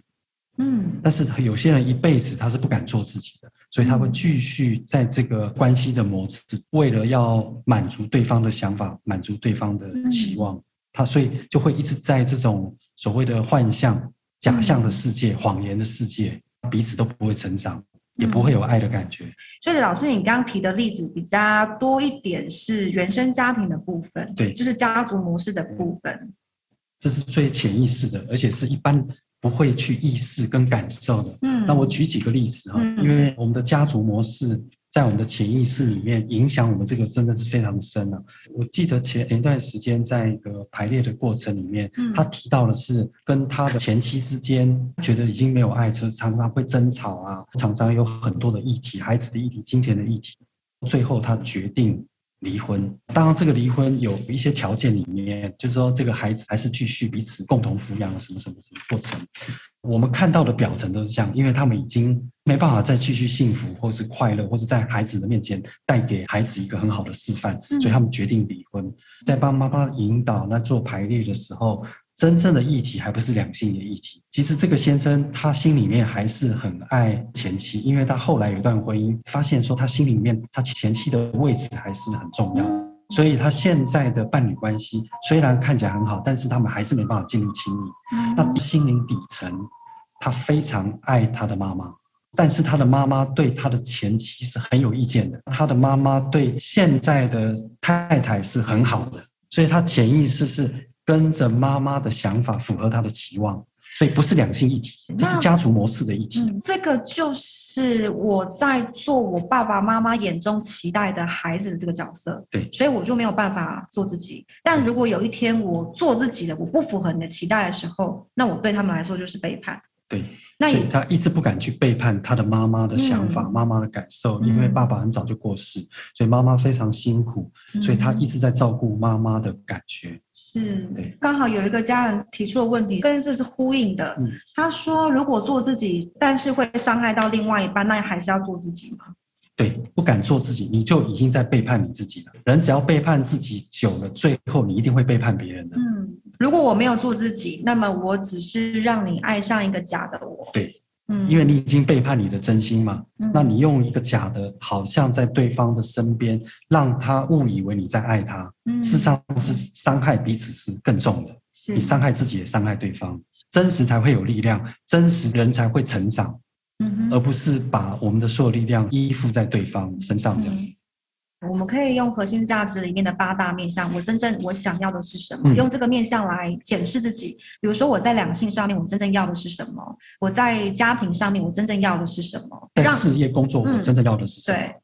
嗯。但是有些人一輩子他是不敢做自己的，所以他會繼續在這個關係的模式，嗯、為了要滿足對方的想法，滿足對方的期望、嗯，他所以就會一直在這種所謂的幻象、假象的世界、嗯、謊言的世界，彼此都不會成長。也不會有愛的感覺，嗯，所以老師，你剛剛提的例子比較多一點是原生家庭的部分，對，就是家族模式的部分，這是最潛意識的，而且是一般不會去意識跟感受的。嗯，那我舉幾個例子啊，嗯，因為我們的家族模式。在我們的潛意識裡面，影響我們這個真的是非常深了啊。我記得前前一段時間，在一個排列的過程裡面，他提到的是跟他的前妻之間，覺得已經沒有愛，就常常會爭吵啊，常常有很多的議題，孩子的議題、金錢的議題，最後他決定。離婚，當然這個離婚有一些條件裡面，就是說這個孩子還是繼續彼此共同撫養，什麼什麼什麼過程。我們看到的表層都是這樣，因為他們已經沒辦法再繼續幸福，或是快樂，或是在孩子的面前帶給孩子一個很好的示範，嗯，所以他們決定離婚。在幫媽媽引導那做排列的時候。真正的議題還不是兩性的議題。其實這個先生他心裡面還是很愛前妻，因為他後來有一段婚姻，發現說他心裡面他前妻的位置還是很重要。所以他現在的伴侶關係雖然看起來很好，但是他們還是沒辦法進入親密。那心靈底層，他非常愛他的媽媽，但是他的媽媽對他的前妻是很有意見的。他的媽媽對現在的太太是很好的，所以他潛意識是。跟着媽媽的想法，符合她的期望，所以不是兩性議題，這是家族模式的議題。嗯，這個就是我在做我爸爸媽媽眼中期待的孩子的這個角色。對，所以我就沒有辦法做自己。但如果有一天我做自己了，我不符合你的期待的時候，那我對他們來說就是背叛。對。所以，他一直不敢去背叛他的媽媽的想法、嗯、媽媽的感受，因為爸爸很早就過世，所以媽媽非常辛苦、嗯，所以他一直在照顧媽媽的感覺。是，對，剛好有一個家人提出了問題，跟這是呼應的。嗯、他說：“如果做自己，但是會傷害到另外一半，那你還是要做自己嗎？”對，不敢做自己，你就已經在背叛你自己了。人只要背叛自己久了，最後你一定會背叛別人的。嗯。如果我沒有做自己，那麼我只是讓你愛上一個假的我。對，嗯、因為你已經背叛你的真心嘛、嗯。那你用一個假的，好像在對方的身邊，讓他誤以為你在愛他。嗯、事實上是傷害彼此是更重的，你傷害自己也傷害對方。真實才會有力量，真實人才會成長。嗯哼、而不是把我們的所有力量依附在對方身上這樣、嗯。嗯我們可以用核心價值裡面的八大面向，我真正我想要的是什麼？嗯、用這個面向來檢視自己。比如說我在兩性上面，我真正要的是什麼？我在家庭上面，我真正要的是什麼？在事業工作，我真正要的是什麼、嗯？對。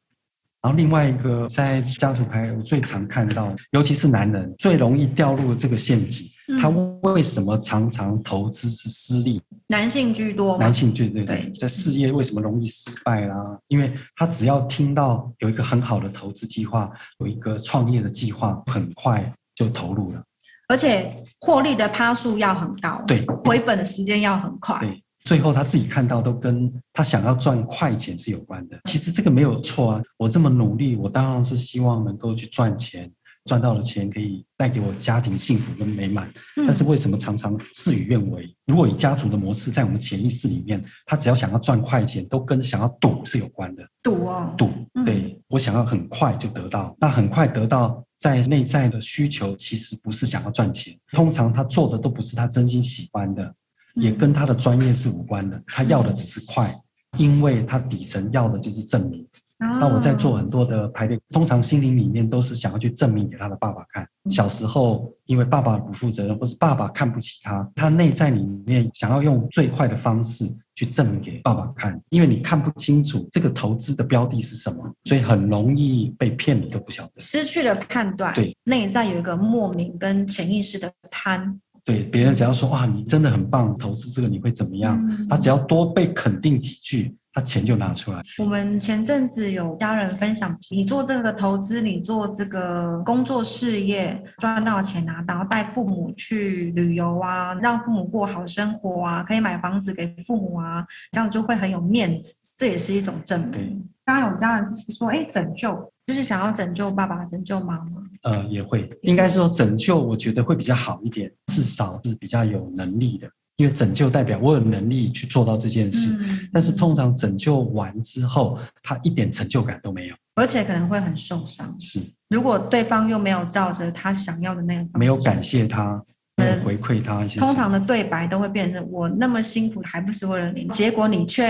然後另外一個，在家族排我最常看到，尤其是男人最容易掉入這個陷阱。他為什麼常常投資是失利？男性居多。男性居多。對，對，在事業為什麼容易失敗啦、啊？因為他只要聽到有一個很好的投資計劃，有一個創業的計劃，很快就投入了，而且獲利的趴數要很高，對，回本的時間要很快。對，對，最後他自己看到都跟他想要賺快錢是有關的。其實這個沒有錯啊，我這麼努力，我當然是希望能夠去賺錢。賺到的錢可以帶給我家庭幸福跟美滿。嗯，但是為什麼常常事與願違？如果以家族的模式，在我們潛意識裡面，他只要想要賺快錢，都跟想要賭是有關的。賭哦，賭。對，嗯、我想要很快就得到，那很快得到在內在的需求，其實不是想要賺錢，通常他做的都不是他真心喜歡的，也跟他的專業是無關的。他要的只是快，嗯、因為他底層要的就是證明。哦、那我在做很多的排列，通常心靈裡面都是想要去證明給他的爸爸看、嗯。小時候因為爸爸不負責任，或是爸爸看不起他，他內在裡面想要用最快的方式去證明給爸爸看。因為你看不清楚這個投資的標的是什麼，所以很容易被騙，你都不曉得。失去了判斷。對，內在有一個莫名跟潛意識的貪。嗯、對，別人只要說啊，你真的很棒，投資這個你會怎麼樣？嗯、他只要多被肯定幾句。他錢就拿出來。我們前陣子有家人分享，你做這個投資，你做這個工作事業，賺到錢拿到，帶父母去旅遊啊，讓父母過好生活啊，可以買房子給父母啊，這樣就會很有面子。這也是一種證明。剛剛有家人是說，哎，拯救，就是想要拯救爸爸，拯救媽媽。呃，也會，應該是說拯救，我覺得會比較好一點，至少是比較有能力的。因為拯救代表我有能力去做到這件事。嗯，但是通常拯救完之後，他一點成就感都沒有，而且可能會很受傷。是，如果對方又沒有照着他想要的那種，沒有感謝他，嗯，沒有回饋他一些，通常的對白都會變成我那麼辛苦，還不是為了你？結果你卻……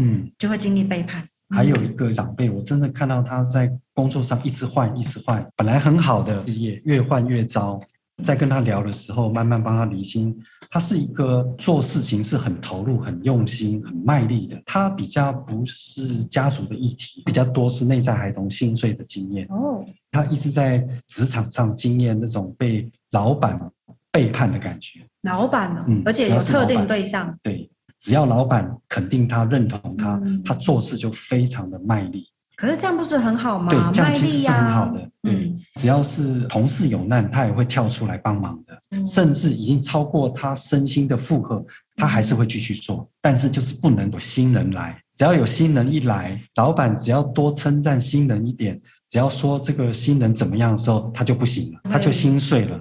嗯，就會經歷背叛，嗯嗯。還有一個長輩，我真的看到他在工作上一直換，一直換，本來很好的事業，越換越糟。在跟他聊的時候，慢慢幫他釐清。他是一個做事情是很投入、很用心、很賣力的。他比較不是家族的議題，比較多是內在孩童心碎的經驗。哦，他一直在職場上經驗那種被老闆背叛的感覺、嗯。老闆、哦，而且有特定對象。嗯、對，只要老闆肯定他、認同他、嗯，他做事就非常的賣力。可是這樣不是很好嗎？對，這樣其實是很好的。啊、對，只要是同事有難，嗯、他也會跳出來幫忙的、嗯。甚至已經超過他身心的負荷，他還是會繼續做、嗯。但是就是不能有新人來，只要有新人一來，老板只要多稱讚新人一點，只要說這個新人怎麼樣的時候，他就不行了，嗯、他就心碎了，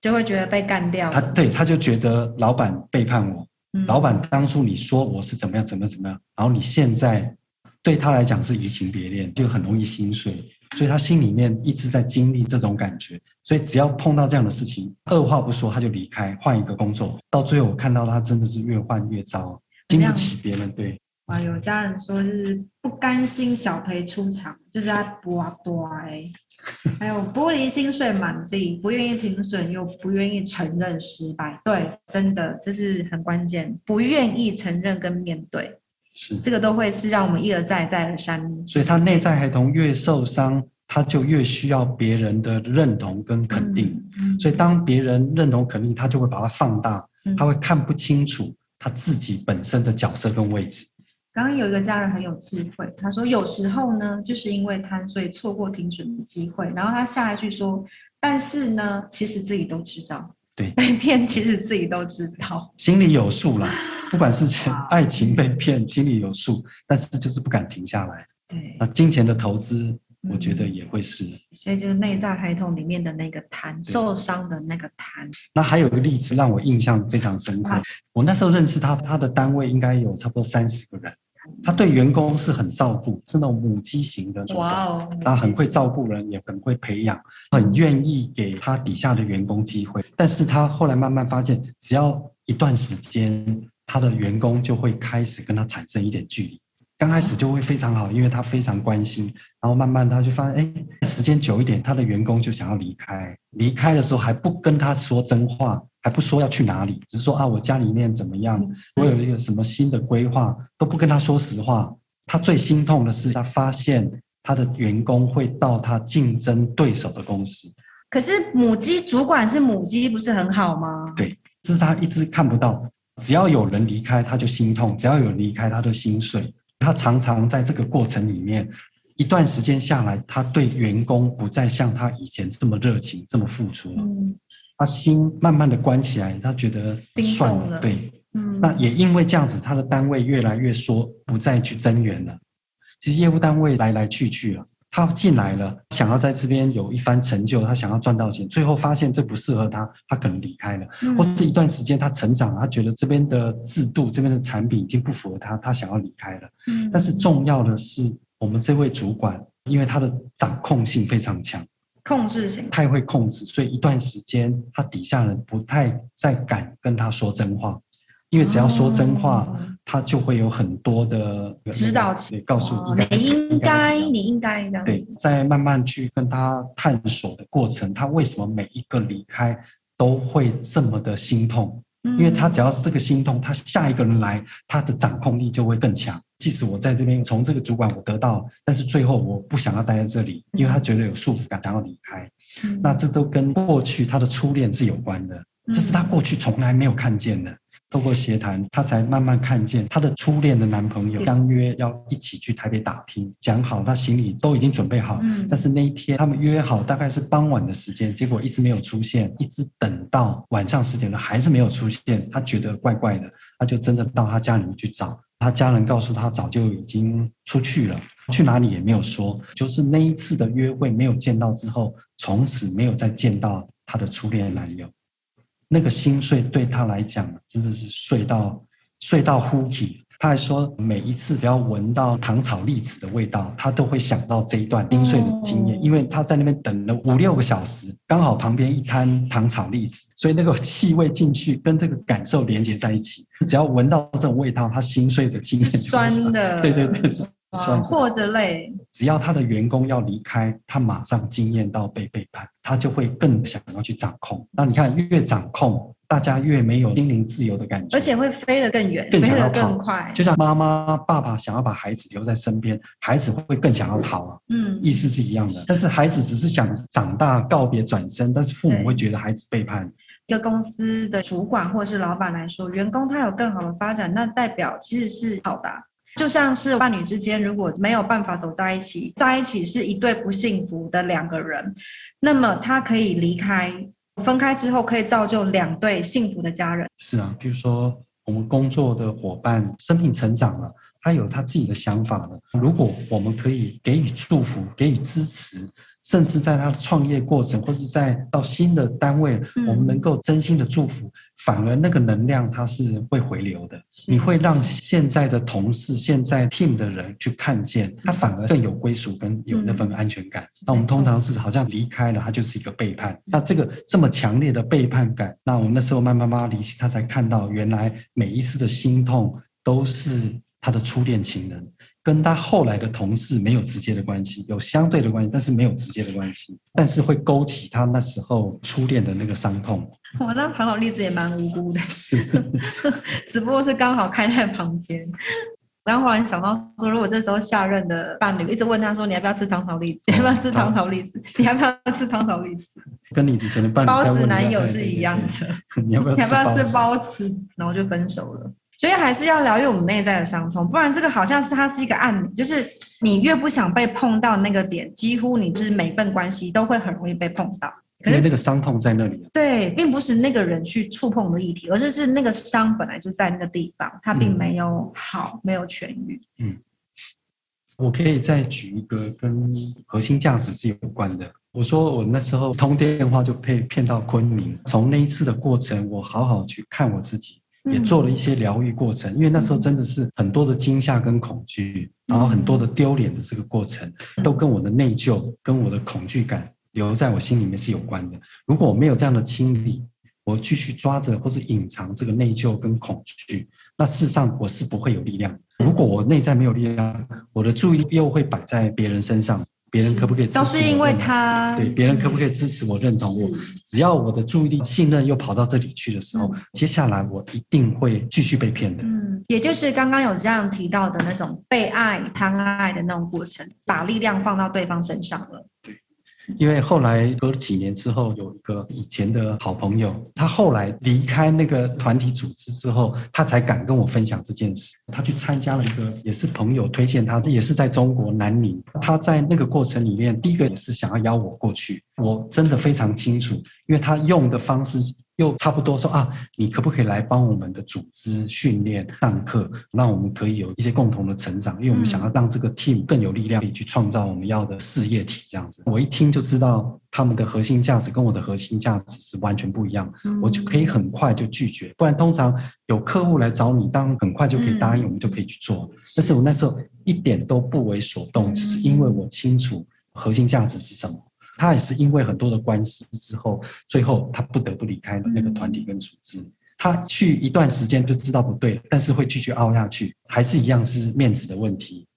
就會覺得被幹掉。他對，他就覺得老板背叛我。嗯、老板當初你說我是怎麼樣，怎麼樣怎麼樣，然後你現在。對他來講是移情別戀，就很容易心碎，所以他心裡面一直在經歷這種感覺，所以只要碰到這樣的事情，二話不說他就離開，換一個工作。到最後我看到他真的是越換越糟，經不起別人對。啊，有家人說是不甘心小培出場，就是他「不阿乖，還有玻璃心碎滿地，不願意停損，又不願意承認失敗。對，真的，這是很關鍵，不願意承認跟面對。是這個都會是讓我們一而再、再而三。所以，他內在孩童越受傷，他就越需要別人的認同跟肯定。嗯嗯、所以，當別人認同肯定，他就會把它放大、嗯，他會看不清楚他自己本身的角色跟位置。剛剛有一個家人很有智慧，他說：“有時候呢，就是因為他，所以錯過停損的機會。”然後他下一句說：“但是呢，其實自己都知道。”對，被騙其實自己都知道，心裡有數了。 不管是愛情被騙，wow, okay. 心裡有數，但是就是不敢停下來。對那金錢的投資、嗯，我覺得也會是。所以就是內在孩童裡面的那個貪，受傷的那個貪。那還有一個例子讓我印象非常深刻。啊、我那時候認識他，嗯、他的單位應該有差不多三十個人、嗯，他對員工是很照顧，是那種母雞型的主。Wow, 他很會照顧人、嗯，也很會培養，很願意給他底下的員工機會。但是他後來慢慢發現，只要一段時間。他的員工就會開始跟他產生一點距離，剛開始就會非常好，因為他非常關心，然後慢慢他就發現，哎、欸，時間久一點，他的員工就想要離開，離開的時候還不跟他說真話，還不說要去哪裡，只是說啊，我家裡面怎麼樣，我有一個什麼新的規劃，都不跟他說實話。他最心痛的是，他發現他的員工會到他競爭對手的公司。可是母雞主管是母雞，不是很好嗎？對，這是他一直看不到。只要有人離開，他就心痛；只要有人離開，他就心碎。他常常在這個過程裡面，一段時間下來，他對員工不再像他以前這麼熱情、這麼付出了、嗯。他心慢慢的關起來，他覺得算了，了對、嗯，那也因為這樣子，他的單位越來越縮，不再去增員了。其實業務單位來來去去啊。他進來了，想要在這邊有一番成就，他想要賺到錢，最後發現這不適合他，他可能離開了，嗯、或是一段時間他成長了，他覺得這邊的制度、這邊的產品已經不符合他，他想要離開了。嗯、但是重要的是，我們這位主管因為他的掌控性非常強，控制性太會控制，所以一段時間他底下人不太再敢跟他說真話，因為只要說真話。哦他就會有很多的指導，告訴你：你應該，應該，應該，你應該這樣子。對，在慢慢去跟他探索的過程，他為什麼每一個離開都會這麼的心痛？嗯。因為他只要是這個心痛，他下一個人來，他的掌控力就會更強。即使我在這邊從這個主管我得到，但是最後我不想要待在這裡，因為他覺得有束縛感，想要離開。嗯。那這都跟過去他的初戀是有關的，嗯。這是他過去從來沒有看見的。透過協談，她才慢慢看見她的初戀的男朋友相約要一起去台北打拼，講好她行李都已經準備好。嗯、但是那一天他們約好大概是傍晚的時間，結果一直沒有出現，一直等到晚上十點了還是沒有出現。她覺得怪怪的，她就真的到她家裡面去找。她家人告訴她早就已經出去了，去哪裡也沒有說。就是那一次的約會沒有見到之後，從此沒有再見到她的初戀男友。那個心碎對他來講，真的是碎到碎到呼起。他還說，每一次只要聞到糖炒栗子的味道，他都會想到這一段心碎的經驗。哦，因為他在那邊等了五六個小時，剛好旁邊一攤糖炒栗子，所以那個氣味進去跟這個感受連接在一起，只要聞到這種味道，他心碎的經驗就酸了。對對對。或者累，只要他的員工要離開，他馬上經驗到被背叛，他就會更想要去掌控。那你看，越掌控，大家越沒有心靈自由的感覺，而且會飛得更遠，更想要跑，飛得更快。就像媽媽、爸爸想要把孩子留在身邊，孩子會更想要逃啊。嗯，意思是一樣的，是但是孩子只是想長大、告別、轉身，但是父母會覺得孩子背叛。一個公司的主管或者是老闆來說，員工他有更好的發展，那代表其實是好的。就像是伴侶之間，如果沒有辦法走在一起，在一起是一對不幸福的兩個人，那麼他可以離開，分開之後可以造就兩對幸福的家人。是啊，比如說我們工作的夥伴，生命成長了，他有他自己的想法了。如果我們可以給予祝福，給予支持，甚至在他的創業過程，或是在到新的單位，嗯、我們能夠真心的祝福。反而，那個能量，它是會回流的，你會讓現在的同事、現在 team 的人去看見，他反而更有歸屬跟有那份安全感。那我們通常是好像離開了，他就是一個背叛。那這個這麼強烈的背叛感，那我們那時候慢慢慢慢離去，他才看到原來每一次的心痛都是他的初戀情人，跟他後來的同事沒有直接的關係，有相對的關係，但是沒有直接的關係，但是會勾起他那時候初戀的那個傷痛。我那糖炒栗子也蠻無辜的， 只不過是剛好開在旁邊。然後忽然想到說，如果這時候下任的伴侶一直問他說：“你要不要吃糖炒栗子、哦？你要不要吃糖炒栗子？你要不要吃糖炒栗子？”跟你之前的伴侶、包子男友是一樣的。你要不要？ 你要不要吃包子？然後就分手了。所以還是要療癒我們內在的傷痛，不然這個好像是它是一個按鈕，就是你越不想被碰到那個點，幾乎你是每份關係都會很容易被碰到。因為那個傷痛在那裡、啊。對，並不是那個人去觸碰的議題，而是是那個傷本來就在那個地方，他並沒有好、嗯，沒有痊癒。嗯，我可以再舉一個跟核心價值是有關的。我說我那時候通電話就被騙到昆明，從那一次的過程，我好好去看我自己，也做了一些療癒過程。嗯、因為那時候真的是很多的驚嚇跟恐懼、嗯，然後很多的丟臉的這個過程，都跟我的內疚跟我的恐懼感。留在我心裡面是有關的。如果我沒有這樣的清理，我繼續抓着或是隱藏這個內疚跟恐懼，那事實上我是不會有力量。如果我內在沒有力量，我的注意力又會擺在別人身上，別人可不可以都是因為他對別人可不可以支持我、認同我？啊、只要我的注意力、信任又跑到這裡去的時候，嗯、接下來我一定會繼續被騙的。嗯，也就是剛剛有這樣提到的那種被愛、貪愛的那種過程，把力量放到對方身上了。對。因為後來隔了幾年之後，有一個以前的好朋友，他後來離開那個團體組織之後，他才敢跟我分享這件事。他去參加了一個，也是朋友推薦他，這也是在中國南寧。他在那個過程裡面，第一個也是想要邀我過去。我真的非常清楚，因為他用的方式。又差不多說啊，你可不可以來幫我們的組織訓練上課，讓我們可以有一些共同的成長？因為我們想要讓這個 team 更有力量，可以去創造我們要的事業體這樣子。我一聽就知道他們的核心價值跟我的核心價值是完全不一樣，我就可以很快就拒絕。不然通常有客戶來找你，當然很快就可以答應，我們就可以去做。但是我那時候一點都不為所動，只是因為我清楚核心價值是什麼。他也是因為很多的關係之後，最後他不得不離開了那個團體跟組織。他去一段時間就知道不對了，但是會繼續凹下去，還是一樣是面子的問題。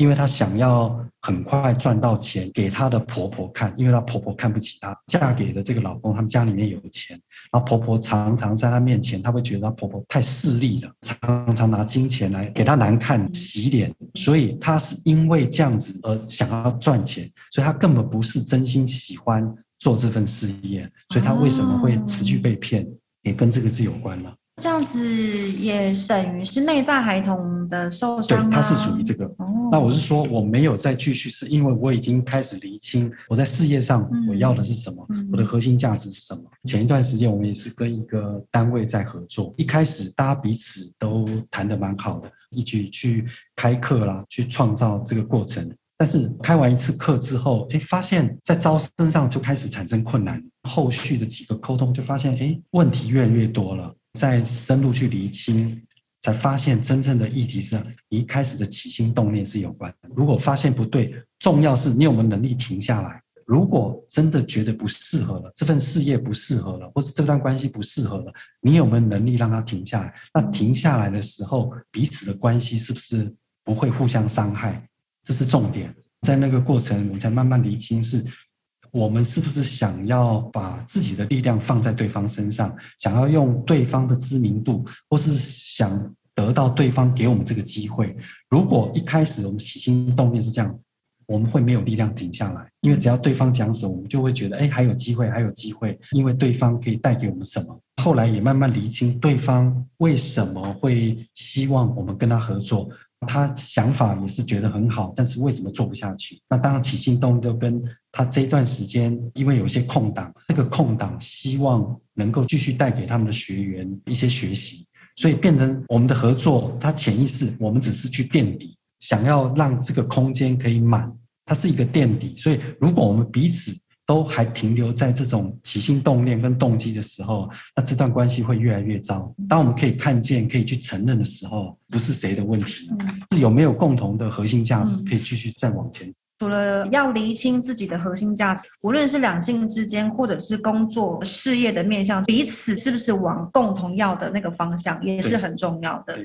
因為她想要很快賺到錢給她的婆婆看，因為她婆婆看不起她，嫁給了這個老公，他們家裡面有錢，然後婆婆常常在她面前，她會覺得她婆婆太勢利了，常常拿金錢來給她難看、洗臉，所以她是因為這樣子而想要賺錢，所以她根本不是真心喜歡做這份事業，所以她為什麼會持續被騙，嗯、也跟這個是有關的。這樣子也等於是內在孩童的受傷，啊、對，他是屬於這個、哦。那我是說，我沒有再繼續，是因為我已經開始釐清我在事業上我要的是什麼，嗯嗯、我的核心價值是什麼？前一段時間我們也是跟一個單位在合作，一開始大家彼此都談得蠻好的，一起去開課啦，去創造這個過程。但是開完一次課之後，哎、欸，發現在招生上就開始產生困難，後續的幾個溝通就發現，哎、欸，問題越來越多了。在深入去理清，才發現真正的議題是，你一開始的起心動念是有關的。如果發現不對，重要是你有沒有能力停下來？如果真的覺得不適合了，這份事業不適合了，或是這段關係不適合了，你有沒有能力讓它停下來？那停下來的時候，彼此的關係是不是不會互相傷害？這是重點。在那個過程，你才慢慢理清是。我們是不是想要把自己的力量放在對方身上？想要用對方的知名度，或是想得到對方給我們這個機會？如果一開始我們起心動念是這樣，我們會沒有力量停下來，因為只要對方講什麼，我們就會覺得，哎，還有機會，還有機會，因為對方可以帶給我們什麼。後來也慢慢釐清，對方為什麼會希望我們跟他合作。他想法也是覺得很好，但是為什麼做不下去？那當然起心動念就跟他這一段時間，因為有些空檔，這個空檔希望能夠繼續帶給他們的學員一些學習，所以變成我們的合作。他潛意識，我們只是去墊底，想要讓這個空間可以滿，它是一個墊底。所以如果我們彼此，都還停留在這種起心動念跟動機的時候，那這段關係會越來越糟。當我們可以看見、可以去承認的時候，不是誰的問題，嗯、是有沒有共同的核心價值、嗯、可以繼續再往前。除了要釐清自己的核心價值，無論是兩性之間，或者是工作事業的面向，彼此是不是往共同要的那個方向，也是很重要的。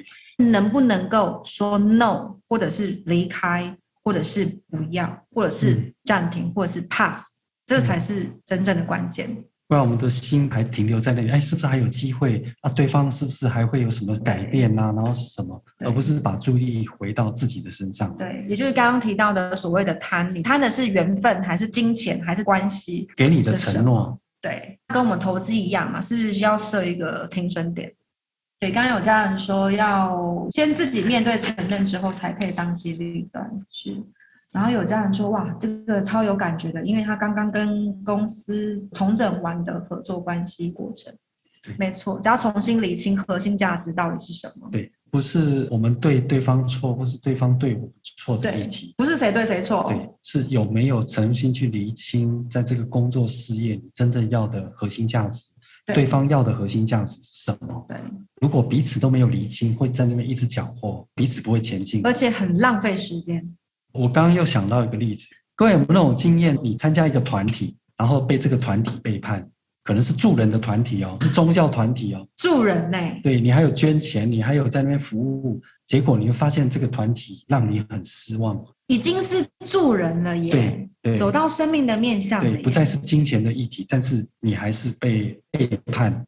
能不能夠說 no，或者是離開，或者是不要，或者是暫停，嗯、或者是 pass。這才是真正的關鍵。嗯，不然我們的心還停留在那裡，哎，是不是還有機會啊？對方是不是還會有什麼改變呢，啊？然後是什麼？而不是把注意力回到自己的身上。對，也就是剛剛提到的所謂的貪，你貪的是緣分，還是金錢，還是關係？給你的承諾。對，跟我們投資一樣嘛，是不是需要設一個停損點？對，剛剛有家人說要先自己面對承認之後，才可以當機立斷。是。然後有家人說：“哇，這個超有感覺的，因為他剛剛跟公司重整完的合作關係過程，沒錯，只要重新釐清核心價值到底是什麼。對，不是我們對對方錯，或是對方對我們錯的議題，不是誰對誰錯。哦，對，是有沒有誠心去釐清，在這個工作事業真正要的核心價值。對，對方要的核心價值是什麼？對，如果彼此都沒有釐清，會在那邊一直攪和，彼此不會前進，而且很浪費時間。”我剛剛又想到一個例子，各位有沒有那種經驗？你參加一個團體，然後被這個團體背叛，可能是助人的團體哦，是宗教團體哦，助人哎，對，你還有捐錢，你還有在那邊服務，結果你會發現這個團體讓你很失望，已經是助人了耶，對，對，走到生命的面向了，對，不再是金錢的議題，但是你還是被背叛，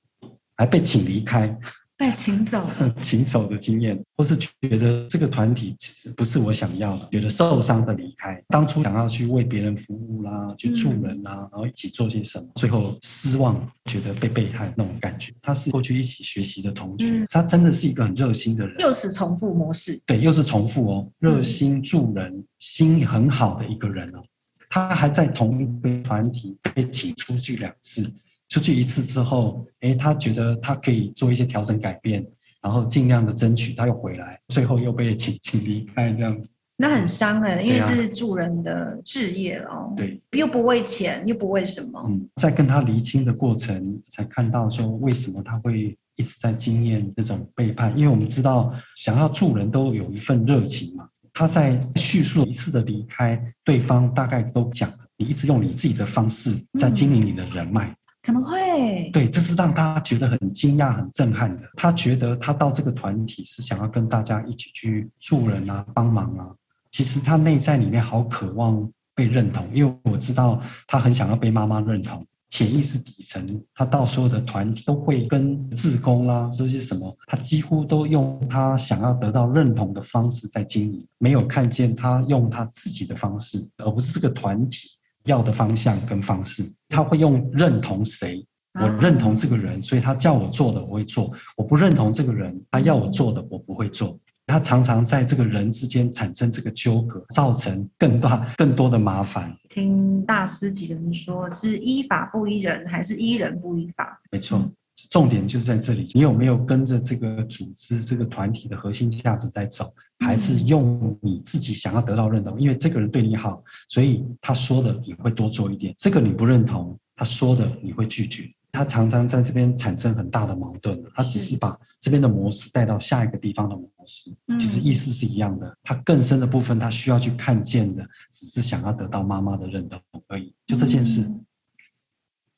還被請離開。被、哎、請走了，請走的經驗，或是覺得這個團體其實不是我想要的，覺得受傷的離開。當初想要去為別人服務啦，去助人啦，嗯、然後一起做些什麼，最後失望，覺得被背叛那種感覺。他是過去一起學習的同學、嗯，他真的是一個很熱心的人。又是重複模式，對，又是重複哦。熱心助人，心很好的一個人哦。嗯、他還在同一個團，團體被請出去兩次。出去一次之後，誒、欸，他覺得他可以做一些調整改變，然後盡量的爭取，他又回來，最後又被請請離開這樣子。那很傷誒、欸嗯啊，因為是助人的事業哦。對，又不為錢，又不為什麼。嗯，在跟他釐清的過程，才看到說為什麼他會一直在經驗這種背叛，因為我們知道想要助人都有一份熱情嘛。他在敘述一次的離開，對方大概都講了，你一直用你自己的方式在經營你的人脈。嗯怎麼會？對，這是讓他覺得很驚訝、很震撼的。他覺得他到這個團體是想要跟大家一起去助人啊、幫忙啊。其實他內在裡面好渴望被認同，因為我知道他很想要被媽媽認同。潛意識底層，他到所有的團體都會跟志工啦、啊，說、就是什麼？他幾乎都用他想要得到認同的方式在經營，沒有看見他用他自己的方式，而不是這個團體。要的方向跟方式，他會用認同誰？我認同這個人，所以他叫我做的我會做。我不認同這個人，他要我做的我不會做。他常常在這個人之間產生這個糾葛，造成更大、更多的麻煩。聽大師級的人說，是依法不依人，還是依人不依法？沒錯。重點就是在這裡，你有沒有跟着這個組織、這個團體的核心價值在走，還是用你自己想要得到認同？因為這個人對你好，所以他說的也會多做一點。這個你不認同，他說的你會拒絕。他常常在這邊產生很大的矛盾。他只是把這邊的模式帶到下一個地方的模式，其實意思是一樣的。他更深的部分，他需要去看見的，只是想要得到媽媽的認同而已。就這件事。嗯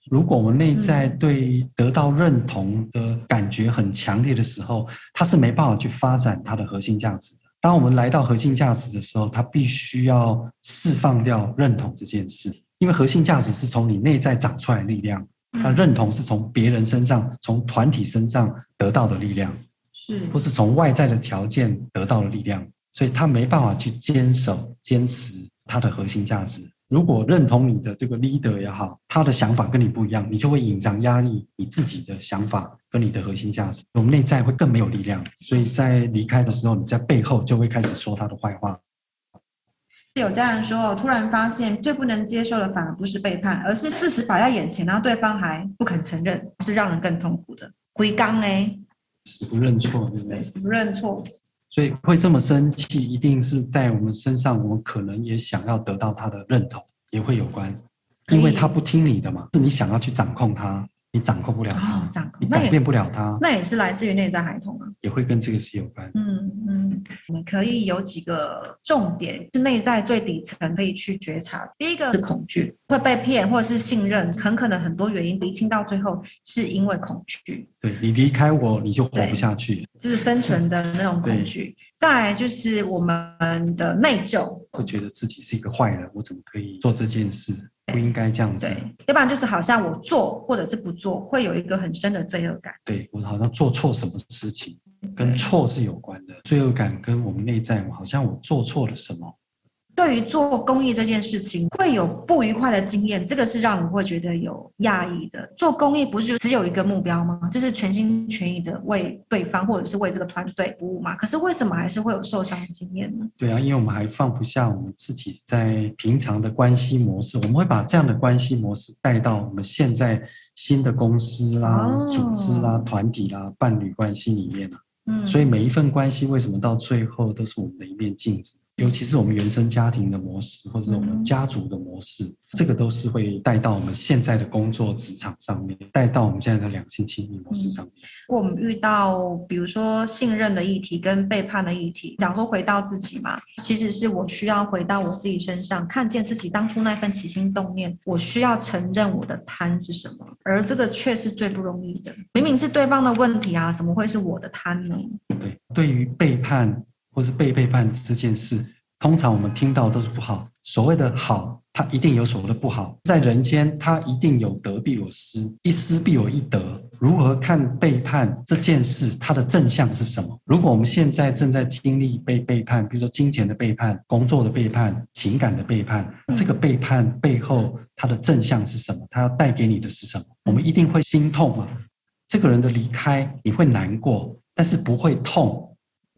如果我們內在對得到認同的感覺很強烈的時候，它是沒辦法去發展它的核心價值的。當我們來到核心價值的時候，它必須要釋放掉認同這件事，因為核心價值是從你內在長出來的力量，它認同是從別人身上、從團體身上得到的力量，或是從外在的條件得到的力量，所以它沒辦法去堅守、堅持它的核心價值。如果認同你的這個 leader 也好，他的想法跟你不一樣，你就會隱藏壓力，你自己的想法跟你的核心價值，我們內在會更沒有力量。所以在離開的時候，你在背後就會開始說他的壞話。有家人說，突然發現最不能接受的，反而不是背叛，而是事實擺在眼前，然後對方還不肯承認，是讓人更痛苦的。回剛呢？死不認錯，對不對？對，死不認錯。所以會這麼生氣，一定是在我們身上。我們可能也想要得到他的認同，也會有關，因為他不聽你的嘛，是你想要去掌控他，你掌控不了他，哦、掌控，你改變不了他，那也，那也是來自於內在孩童啊，也會跟這個事有關。嗯。你可以有幾個重點是內在最底層可以去覺察。第一個是恐懼，會被騙或者是信任，很可能很多原因理清到最後是因為恐懼。對，你離開我，你就活不下去，就是生存的那種恐懼。再來就是我們的內疚，會覺得自己是一個壞人，我怎麼可以做這件事，不應該這樣子。對，要不然就是好像我做或者是不做，會有一個很深的罪惡感。對，我好像做錯什麼事情。跟錯是有關的，罪惡感跟我們內在，我好像我做錯了什麼。對於做公益這件事情，會有不愉快的經驗，這個是讓我們會覺得有壓抑的。做公益不是只有一個目標嗎？就是全心全意的為對方或者是為這個團隊服務嘛？可是為什麼還是會有受傷的經驗呢？對啊，因為我們還放不下我們自己在平常的關係模式，我們會把這樣的關係模式帶到我們現在新的公司啦、哦、組織啦、團體啦、伴侶關係裡面、啊嗯，所以每一份關係，為什麼到最後都是我們的一面鏡子？尤其是我們原生家庭的模式，或者是我們家族的模式，嗯，這個都是會帶到我們現在的工作職場上面，帶到我們現在的兩性親密模式上面。嗯、我們遇到比如說信任的議題跟背叛的議題，假如說回到自己嘛，其實是我需要回到我自己身上，看見自己當初那份起心動念，我需要承認我的貪是什麼，而這個卻是最不容易的。明明是對方的問題啊，怎麼會是我的貪呢？對，對於背叛。都是被背叛這件事，通常我們聽到都是不好。所謂的好，它一定有所謂的不好。在人間，它一定有得必有失，一失必有一得。如何看背叛這件事，它的正向是什麼？如果我們現在正在經歷被背叛，比如說金錢的背叛、工作的背叛、情感的背叛，這個背叛背後它的正向是什麼？它要帶給你的是什麼？我們一定會心痛啊！這個人的離開，你會難過，但是不會痛。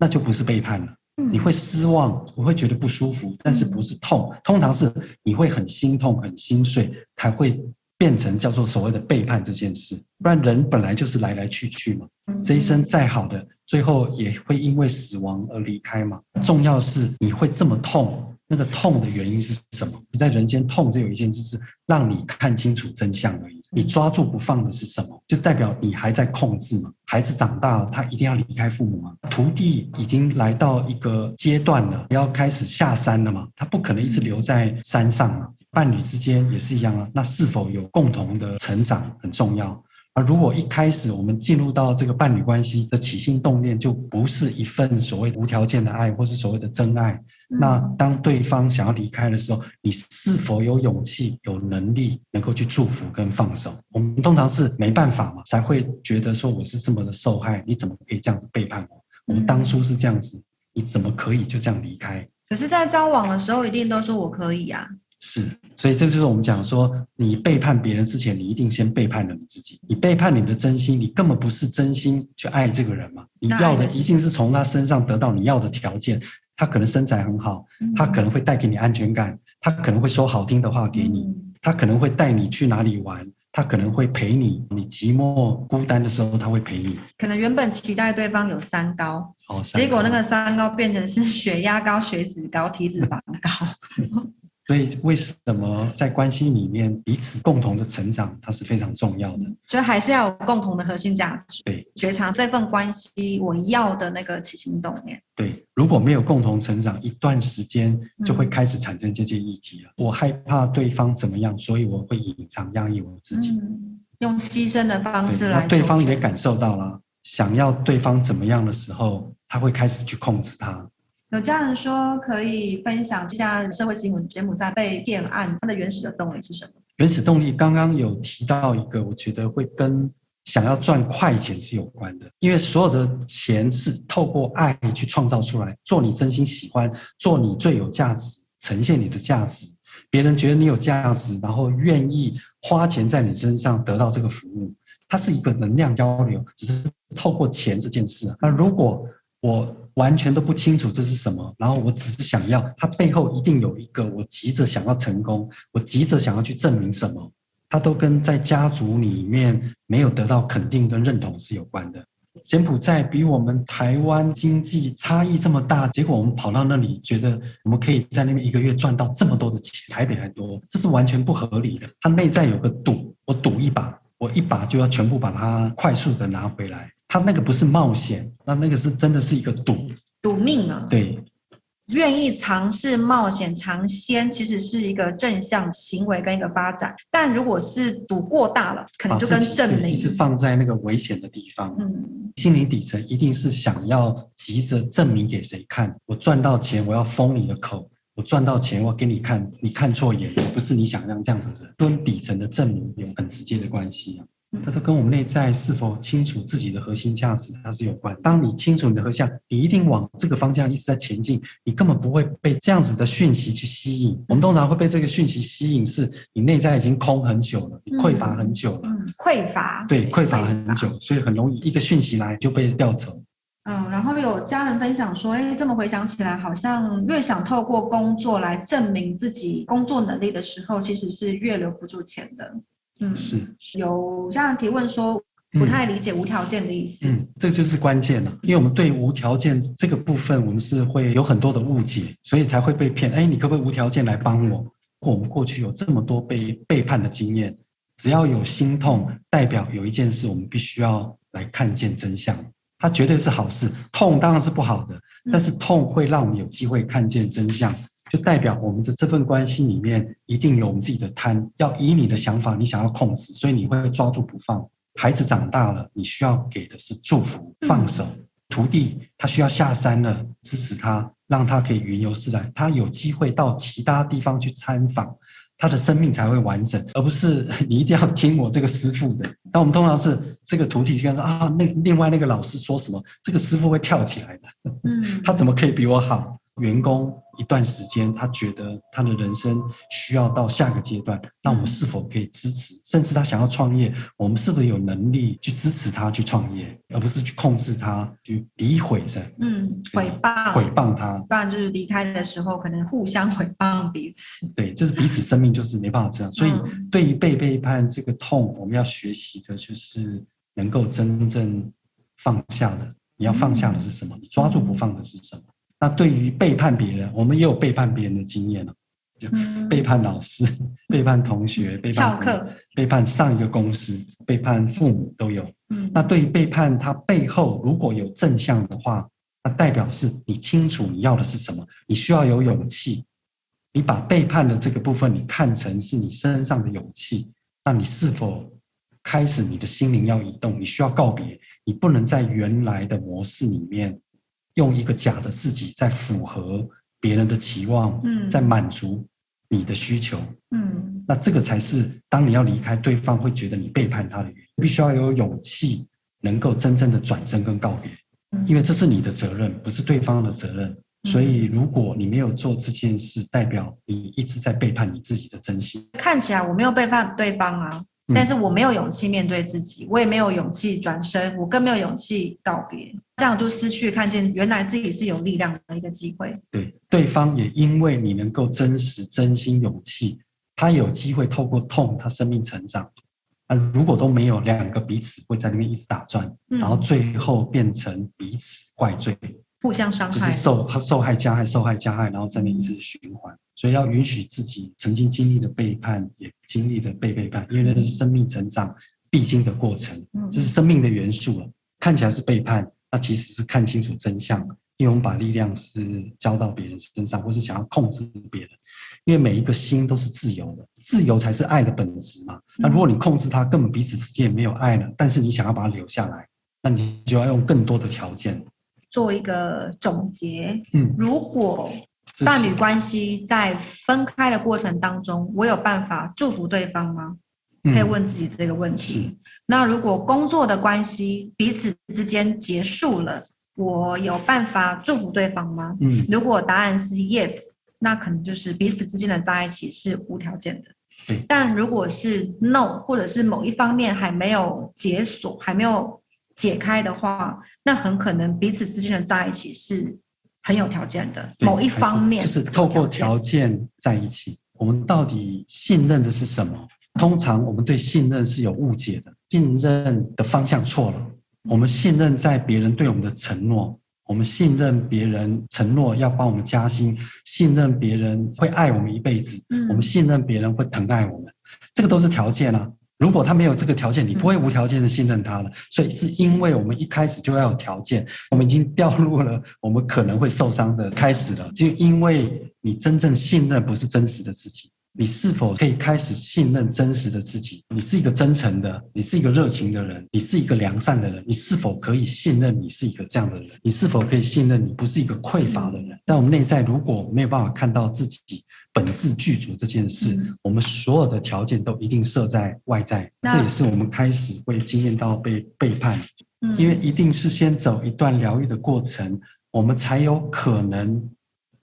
那就不是背叛了，你會失望，我會覺得不舒服，但是不是痛？通常是你會很心痛、很心碎，才會變成叫做所謂的背叛這件事。不然人本來就是來來去去嘛，這一生再好的，最後也會因為死亡而離開嘛。重要是你會這麼痛，那個痛的原因是什麼？你在人間痛只有一件事，是讓你看清楚真相而已。你抓住不放的是什麼？就代表你還在控制嘛。孩子長大了，他一定要離開父母嘛。徒弟已經來到一個階段了，要開始下山了嘛。他不可能一直留在山上啊。伴侶之間也是一樣啊。那是否有共同的成長很重要。而如果一開始我們進入到這個伴侶關係的起心動念，就不是一份所謂無條件的愛，或是所謂的真愛。那當對方想要離開的時候，你是否有勇氣、有能力能夠去祝福跟放手？我們通常是沒辦法嘛，才會覺得說我是這麼的受害，你怎麼可以這樣子背叛我？嗯、我們當初是這樣子，你怎麼可以就這樣離開？可是，在交往的時候，一定都說我可以呀、啊。是，所以這就是我們講說，你背叛別人之前，你一定先背叛了你自己。你背叛你的真心，你根本不是真心去愛這個人嘛。你要的一定是從他身上得到你要的條件。他可能身材很好，他可能會帶給你安全感，嗯，他可能會說好聽的話給你，他可能會帶你去哪裡玩，他可能會陪你，你寂寞孤單的時候他會陪你，可能原本期待對方有三高，哦、三高，結果那個三高變成是血壓高、血脂高、體脂肪高。 所以，為什麼在關係裡面彼此共同的成長，它是非常重要的？所以還是要有共同的核心價值。對，覺察這份關係，我要的那個起心動念。對，如果沒有共同成長，一段時間就會開始產生這些議題了。我害怕對方怎麼樣，所以我會隱藏、壓抑我自己，用犧牲的方式來。那對方也感受到了，想要對方怎麼樣的時候，他會開始去控制他。有家人說可以分享一下社會新聞，柬埔寨被電案，它的原始的動力是什麼？原始動力剛剛有提到一個，我覺得會跟想要賺快錢是有關的，因為所有的錢是透過愛去創造出來，做你真心喜歡，做你最有價值，呈現你的價值，別人覺得你有價值，然後願意花錢在你身上得到這個服務，它是一個能量交流，只是透過錢這件事。那如果我完全都不清楚這是什麼，然後我只是想要，它背後一定有一個我急着想要成功，我急着想要去證明什麼，它都跟在家族裡面沒有得到肯定跟認同是有關的。柬埔寨比我們台灣經濟差異這麼大，結果我們跑到那裡，覺得我們可以在那邊一個月賺到這麼多的錢，還得還多，這是完全不合理的。它內在有個賭，我賭一把，我一把就要全部把它快速的拿回來。他那個不是冒險，那那個是真的是一個賭，賭命啊！對，願意嘗試冒險嘗鮮，其實是一個正向行為跟一個發展。但如果是賭過大了，可能就跟證明是放在那個危險的地方。嗯，心靈底層一定是想要急着證明給誰看：我賺到錢，我要封你的口；我賺到錢，我給你看，你看錯眼，不是你想象這樣子的，跟底層的證明有很直接的關係啊。他說：“跟我們內在是否清楚自己的核心價值，它是有關。當你清楚你的核心，你一定往這個方向一直在前進，你根本不會被這樣子的訊息去吸引、嗯。我們通常會被這個訊息吸引，是你內在已經空很久了，匱乏很久了、嗯嗯，匱乏，對，匱乏很久，所以很容易一個訊息來就被調走。嗯，然後有家人分享說，哎、欸，這麼回想起來，好像越想透過工作來證明自己工作能力的時候，其實是越留不住錢的。”嗯，是有這樣提問說不太理解無條件的意思嗯。嗯，這就是關鍵了，因為我們對無條件這個部分，我們是會有很多的誤解，所以才會被騙。哎，你可不可以無條件來幫我？我們過去有這麼多被背，背叛的經驗，只要有心痛，代表有一件事我們必須要來看見真相。它絕對是好事，痛當然是不好的，但是痛會讓我們有機會看見真相。就代表我們的這份關係裡面，一定有我們自己的貪。要以你的想法，你想要控制，所以你會抓住不放。孩子長大了，你需要給的是祝福、放手。嗯、徒弟他需要下山了，支持他，讓他可以雲遊四海，他有機會到其他地方去參訪，他的生命才會完整，而不是你一定要聽我這個師傅的。那我們通常是這個徒弟就說：“啊，那另外那個老師說什麼？”這個師傅會跳起來的，嗯、 他怎麼可以比我好？員工一段時間，他覺得他的人生需要到下個階段，那我們是否可以支持？甚至他想要創業，我們是不是有能力去支持他去創業，而不是去控制他，去詆毀他。嗯，毀謗，毀謗他，當然就是離開的時候可能互相毀謗彼此。對，這、就是彼此生命，就是沒辦法這樣。嗯、所以，對於被背叛這個痛，我們要學習的就是能夠真正放下的。你要放下的是什麼？嗯、你抓住不放的是什麼？那對於背叛別人，我們也有背叛別人的經驗了，嗯，背叛老師、背叛同學、背叛翹課、背叛上一個公司、背叛父母都有。嗯，那對於背叛，它背後如果有正向的話，那代表是你清楚你要的是什麼，你需要有勇氣。你把背叛的這個部分，你看成是你身上的勇氣，那你是否開始你的心靈要移動？你需要告別，你不能在原來的模式裡面。用一個假的自己，在符合別人的期望，嗯，在滿足你的需求。嗯，那這個才是當你要離開對方，會覺得你背叛他的原因。必須要有勇氣，能夠真正的轉身跟告別，因為這是你的責任，不是對方的責任。所以，如果你沒有做這件事，代表你一直在背叛你自己的真心。看起來我沒有背叛對方啊。但是我沒有勇氣面對自己，我也沒有勇氣轉身，我更沒有勇氣告別。這樣就失去看見原來自己是有力量的一個機會。對，對方也因為你能夠真實、真心、勇氣，他有機會透過痛，他生命成長。啊，如果都沒有，兩個彼此會在那邊一直打轉，嗯，然後最後變成彼此怪罪、互相傷害，就是，受受害加害、受害加害，然後在那邊一直循環。所以要允許自己曾經經歷的背叛也。經歷的被背叛，因為那是生命成長必經的過程，這、嗯就是生命的元素、啊、看起來是背叛，那其實是看清楚真相。因為我們把力量是交到別人身上，或是想要控制別人，因為每一個心都是自由的，自由才是愛的本質嘛。嗯、那如果你控制他，根本彼此之間也沒有愛了。但是你想要把它留下來，那你就要用更多的條件。做一個總結，嗯，如果。伴侶關係在分開的過程當中，我有辦法祝福對方嗎？嗯、可以問自己這個問題。那如果工作的關係彼此之間結束了，我有辦法祝福對方嗎？嗯，如果答案是 yes，那可能就是彼此之間的在一起是無條件的。對。但如果是 no，或者是某一方面還沒有解鎖、還沒有解開的話，那很可能彼此之間的在一起是。很有條件的某一方面，就是透過條件在一起。我們到底信任的是什麼？通常我們對信任是有誤解的，信任的方向錯了。我們信任在別人對我們的承諾，我們信任別人承諾要幫我們加薪，信任別人會愛我們一輩子、嗯，我們信任別人會疼愛我們，這個都是條件啊。如果他沒有這個條件，你不會無條件的信任他了。所以是因為我們一開始就要有條件，我們已經掉入了我們可能會受傷的開始了。就因為你真正信任不是真實的自己，你是否可以開始信任真實的自己？你是一個真誠的，你是一個熱情的人，你是一個良善的人，你是否可以信任你是一個這樣的人？你是否可以信任你不是一個匱乏的人？但我們內在，如果沒有辦法看到自己。本自具足這件事，嗯、我們所有的條件都一定設在外在，嗯，這也是我們開始會經驗到被背叛，嗯。因為一定是先走一段療癒的過程，我們才有可能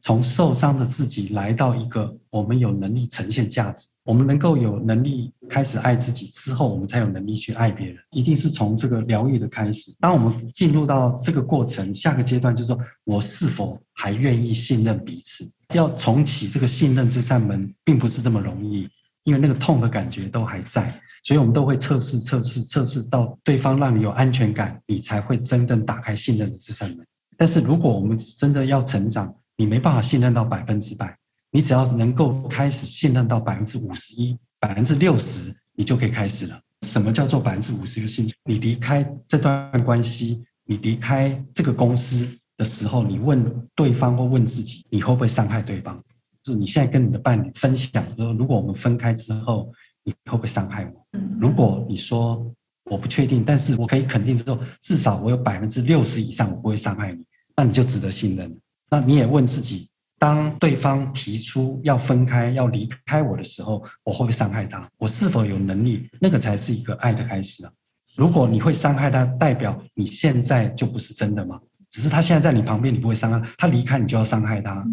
從受傷的自己來到一個我們有能力呈現價值，我們能夠有能力開始愛自己之後，我們才有能力去愛別人。一定是從這個療癒的開始。當我們進入到這個過程，下個階段就是說，我是否還願意信任彼此？要重啟這個信任這扇門，並不是這麼容易，因為那個痛的感覺都還在，所以我們都會測試測試測試，到對方讓你有安全感，你才會真正打開信任的這扇門。但是如果我們真的要成長，你沒辦法信任到百分之百，你只要能夠開始信任到百分之五十一、百分之六十，你就可以開始了。什麼叫做百分之五十的信任？你離開這段關係，你離開這個公司的時候，你問對方或問自己，你會不會傷害對方？就是你現在跟你的伴侶分享說，如果我們分開之後，你會不會傷害我？如果你說我不確定，但是我可以肯定是說，至少我有百分之六十以上，我不會傷害你，那你就值得信任。那你也問自己，當對方提出要分開、要離開我的時候，我會不會傷害他？我是否有能力？那個才是一個愛的開始啊！如果你會傷害他，代表你現在就不是真的嗎？只是他現在在你旁邊，你不會傷害他；他離開你就要傷害他。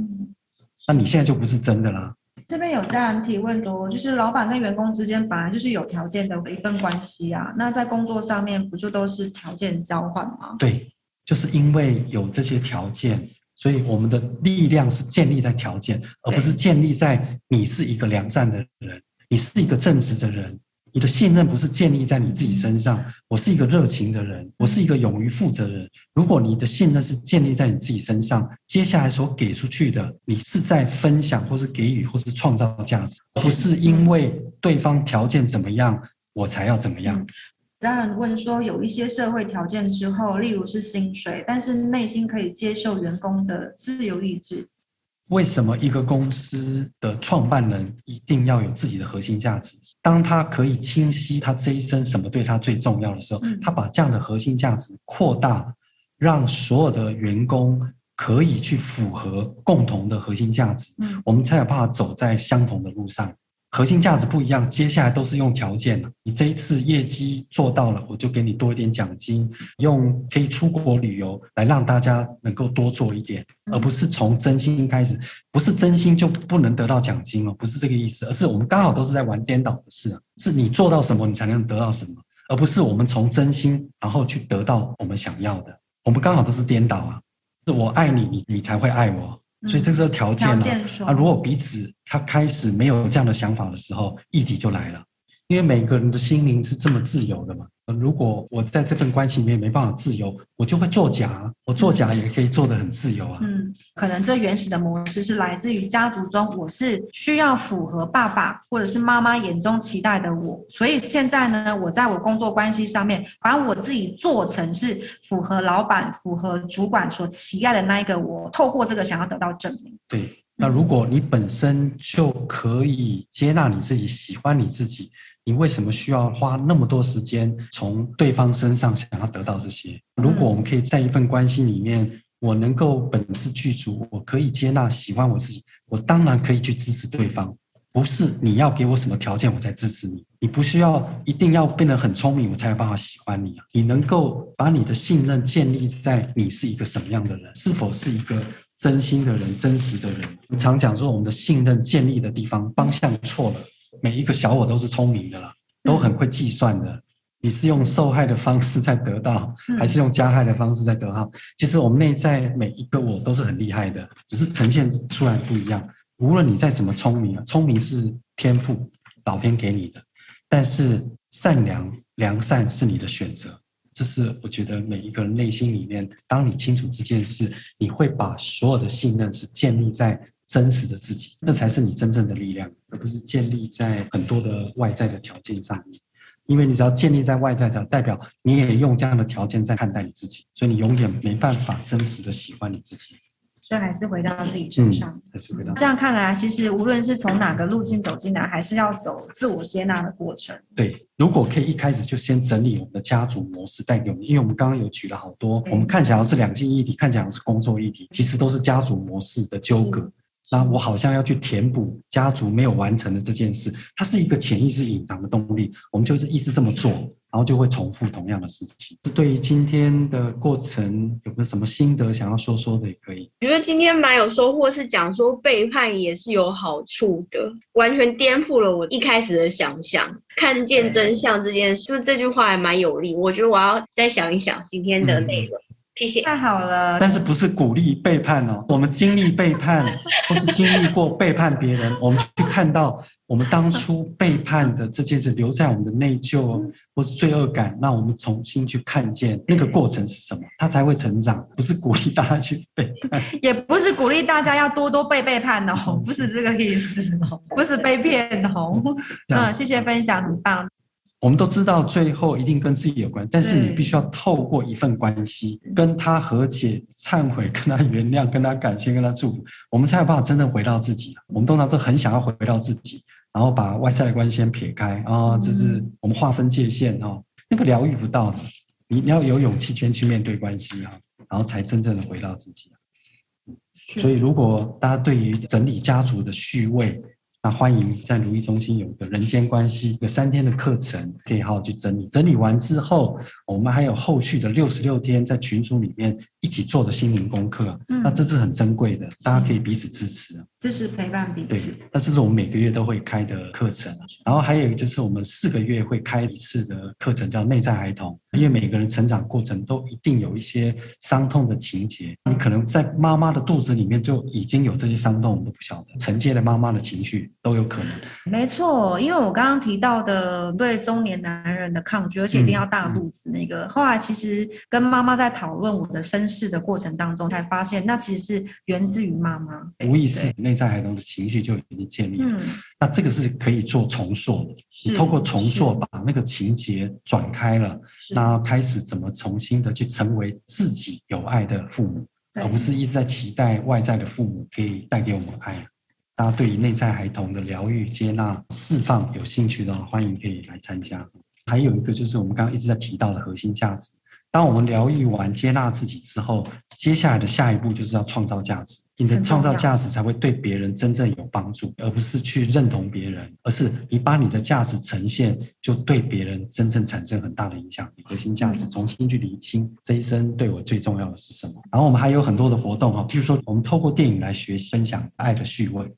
那你現在就不是真的啦，嗯。這邊有家人提問，多就是老闆跟員工之間本來就是有條件的一份關係啊。那在工作上面不就都是條件交換嗎？對，就是因為有這些條件，所以我們的力量是建立在條件，而不是建立在你是一個良善的人，你是一個正直的人。你的信任不是建立在你自己身上。我是一個熱情的人，我是一個勇於負責的人。如果你的信任是建立在你自己身上，接下來所給出去的，你是在分享，或是給予，或是創造價值，不是因為對方條件怎麼樣我才要怎麼樣。當然，問說有一些社會條件之後，例如是薪水，但是內心可以接受員工的自由意志。為什麼一個公司的創辦人一定要有自己的核心價值？當他可以清晰他這一生什麼對他最重要的時候，他把這樣的核心價值擴大，讓所有的員工可以去符合共同的核心價值，我們才有辦法走在相同的路上。核心價值不一樣，接下來都是用條件啊。你這一次業績做到了，我就給你多一點獎金，用可以出國旅遊來讓大家能夠多做一點，而不是從真心開始。不是真心就不能得到獎金哦，不是這個意思，而是我們剛好都是在玩顛倒的事啊，是你做到什麼，你才能得到什麼，而不是我們從真心然後去得到我們想要的。我們剛好都是顛倒啊，是我愛你，你你才會愛我。所以這是個條件呢？啊，啊，如果彼此他開始沒有這樣的想法的時候，議題就來了。因為每個人的心靈是這麼自由的嘛。如果我在這份關係裡面沒辦法自由，我就會作假。我作假也可以做得很自由啊。嗯，可能這原始的模式是來自於家族中，我是需要符合爸爸或者是媽媽眼中期待的我。所以現在呢，我在我工作關係上面，把我自己做成是符合老闆、符合主管所期待的那一個我，透過這個想要得到證明。對，那如果你本身就可以接納你自己，喜歡你自己。你為什麼需要花那麼多時間從對方身上想要得到這些？如果我們可以在一份關係裡面，我能夠本自具足，我可以接納、喜歡我自己，我當然可以去支持對方。不是你要給我什麼條件，我才支持你。你不需要一定要變得很聰明，我才有辦法喜歡你啊！你能夠把你的信任建立在你是一個什麼樣的人，是否是一個真心的人、真實的人？常講說，我們的信任建立的地方方向錯了。每一個小我都是聰明的了，都很會計算的。你是用受害的方式在得到，還是用加害的方式在得到？嗯、其實我們內在每一個我都是很厲害的，只是呈現出來不一樣。無論你再怎麼聰明啊，聰明是天賦，老天給你的。但是善良、良善是你的選擇，這是我覺得每一個人內心裡面，當你清楚這件事，你會把所有的信任是建立在真實的自己，那才是你真正的力量，而不是建立在很多的外在的條件上面。因為你只要建立在外在的，代表你也用這樣的條件在看待你自己，所以你永遠沒辦法真實的喜歡你自己。所以還是回到自己身上，嗯、還是回到這樣看來，其實無論是從哪個路徑走進來，還是要走自我接納的過程。對，如果可以一開始就先整理我們的家族模式帶給我們，因為我們剛剛有舉了好多，okay. 我們看起來是兩性議題，看起來是工作議題，其實都是家族模式的糾葛。那，我好像要去填補家族沒有完成的這件事，它是一個潛意識隱藏的動力。我們就是一直這麼做，然後就會重複同樣的事情。是對於今天的過程，有沒有什麼心得想要說說的也可以？我覺得今天蠻有收穫，或是講說背叛也是有好處的，完全顛覆了我一開始的想象。看見真相這件事，嗯、這句話還蠻有力。我覺得我要再想一想今天的內容。嗯謝謝，太好了，但是不是鼓勵背叛哦。 我們經歷背叛，或是經歷過背叛別人，我們去看到我們當初背叛的這件事，留在我們的內疚或是罪惡感，讓我們重新去看見那個過程是什麼，他才會成長。不是鼓勵大家去背叛， 也不是鼓勵大家要多多被背、背叛哦， 不是這個意思哦，不是被騙哦。嗯， 嗯，謝謝分享，很棒。我們都知道，最後一定跟自己有關，但是你必須要透過一份關係，跟他和解、懺悔、跟他原諒、跟他感謝、跟他祝福，我們才有辦法真正回到自己。我們通常都很想要回到自己，然後把外在的關係先撇開啊、哦，這是我們劃分界限啊、哦。那個療癒不到的，你你要有勇氣先去面對關係啊，然後才真正的回到自己。所以，如果大家對於整理家族的序位，那歡迎在如意中心有一個人間關係有三天的課程，可以好好去整理。整理完之後，我們還有後續的六十六天在群組裡面一起做的心靈功課、啊嗯，那這是很珍貴的，大家可以彼此支持這是支持陪伴彼此對。那這是我們每個月都會開的課程，然後還有一個就是我們四個月會開一次的課程，叫內在孩童，因為每個人成長過程都一定有一些傷痛的情節，嗯、你可能在媽媽的肚子裡面就已經有這些傷痛，我們都不曉得，承接了媽媽的情緒都有可能。沒錯，因為我剛剛提到的對中年男人的抗拒，而且一定要大肚子。嗯嗯一、那個後來，其實跟媽媽在討論我的身世的過程當中，才發現那其實是源自於媽媽無意識內在孩童的情緒就已經建立。嗯，那這個是可以做重塑的，你透過重塑把那個情節轉開了，那開始怎麼重新的去成為自己有愛的父母，而不是一直在期待外在的父母可以帶給我們愛。大家對於內在孩童的療癒、接納、釋放有興趣的話，歡迎可以來參加。還有一個就是我們剛剛一直在提到的核心價值。當我們療癒完、接納自己之後，接下來的下一步就是要創造價值。你的創造價值才會對別人真正有幫助，而不是去認同別人，而是你把你的價值呈現，就對別人真正產生很大的影響。你核心價值重新去理清，這一生對我最重要的是什麼？然後我們還有很多的活動啊、哦，比如說我們透過電影來學習分享愛的序位，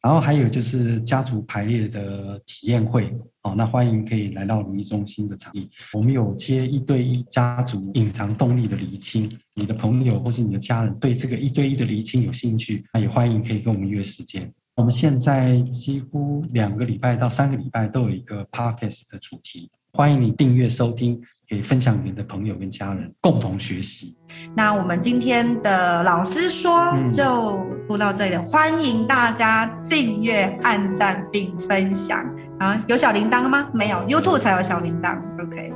然後還有就是家族排列的體驗會。好，那歡迎可以來到如意中心的場地。我們有接一對一家族隱藏動力的釐清，你的朋友或是你的家人對這個一對一的釐清有興趣，那也歡迎可以跟我們約時間。我們現在幾乎兩個禮拜到三個禮拜都有一個 podcast 的主題，歡迎你訂閱收聽，可以分享你的朋友跟家人共同學習。那我們今天的老施說、嗯、就錄到這裡，歡迎大家訂閱、按讚並分享。啊，有小鈴鐺嗎？沒有，YouTube 才有小鈴鐺。OK，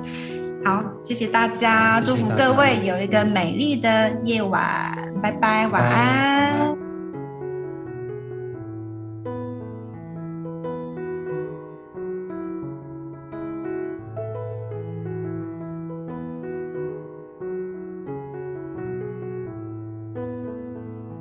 好，謝謝，謝謝大家，祝福各位有一個美麗的夜晚，拜拜，晚安。拜拜。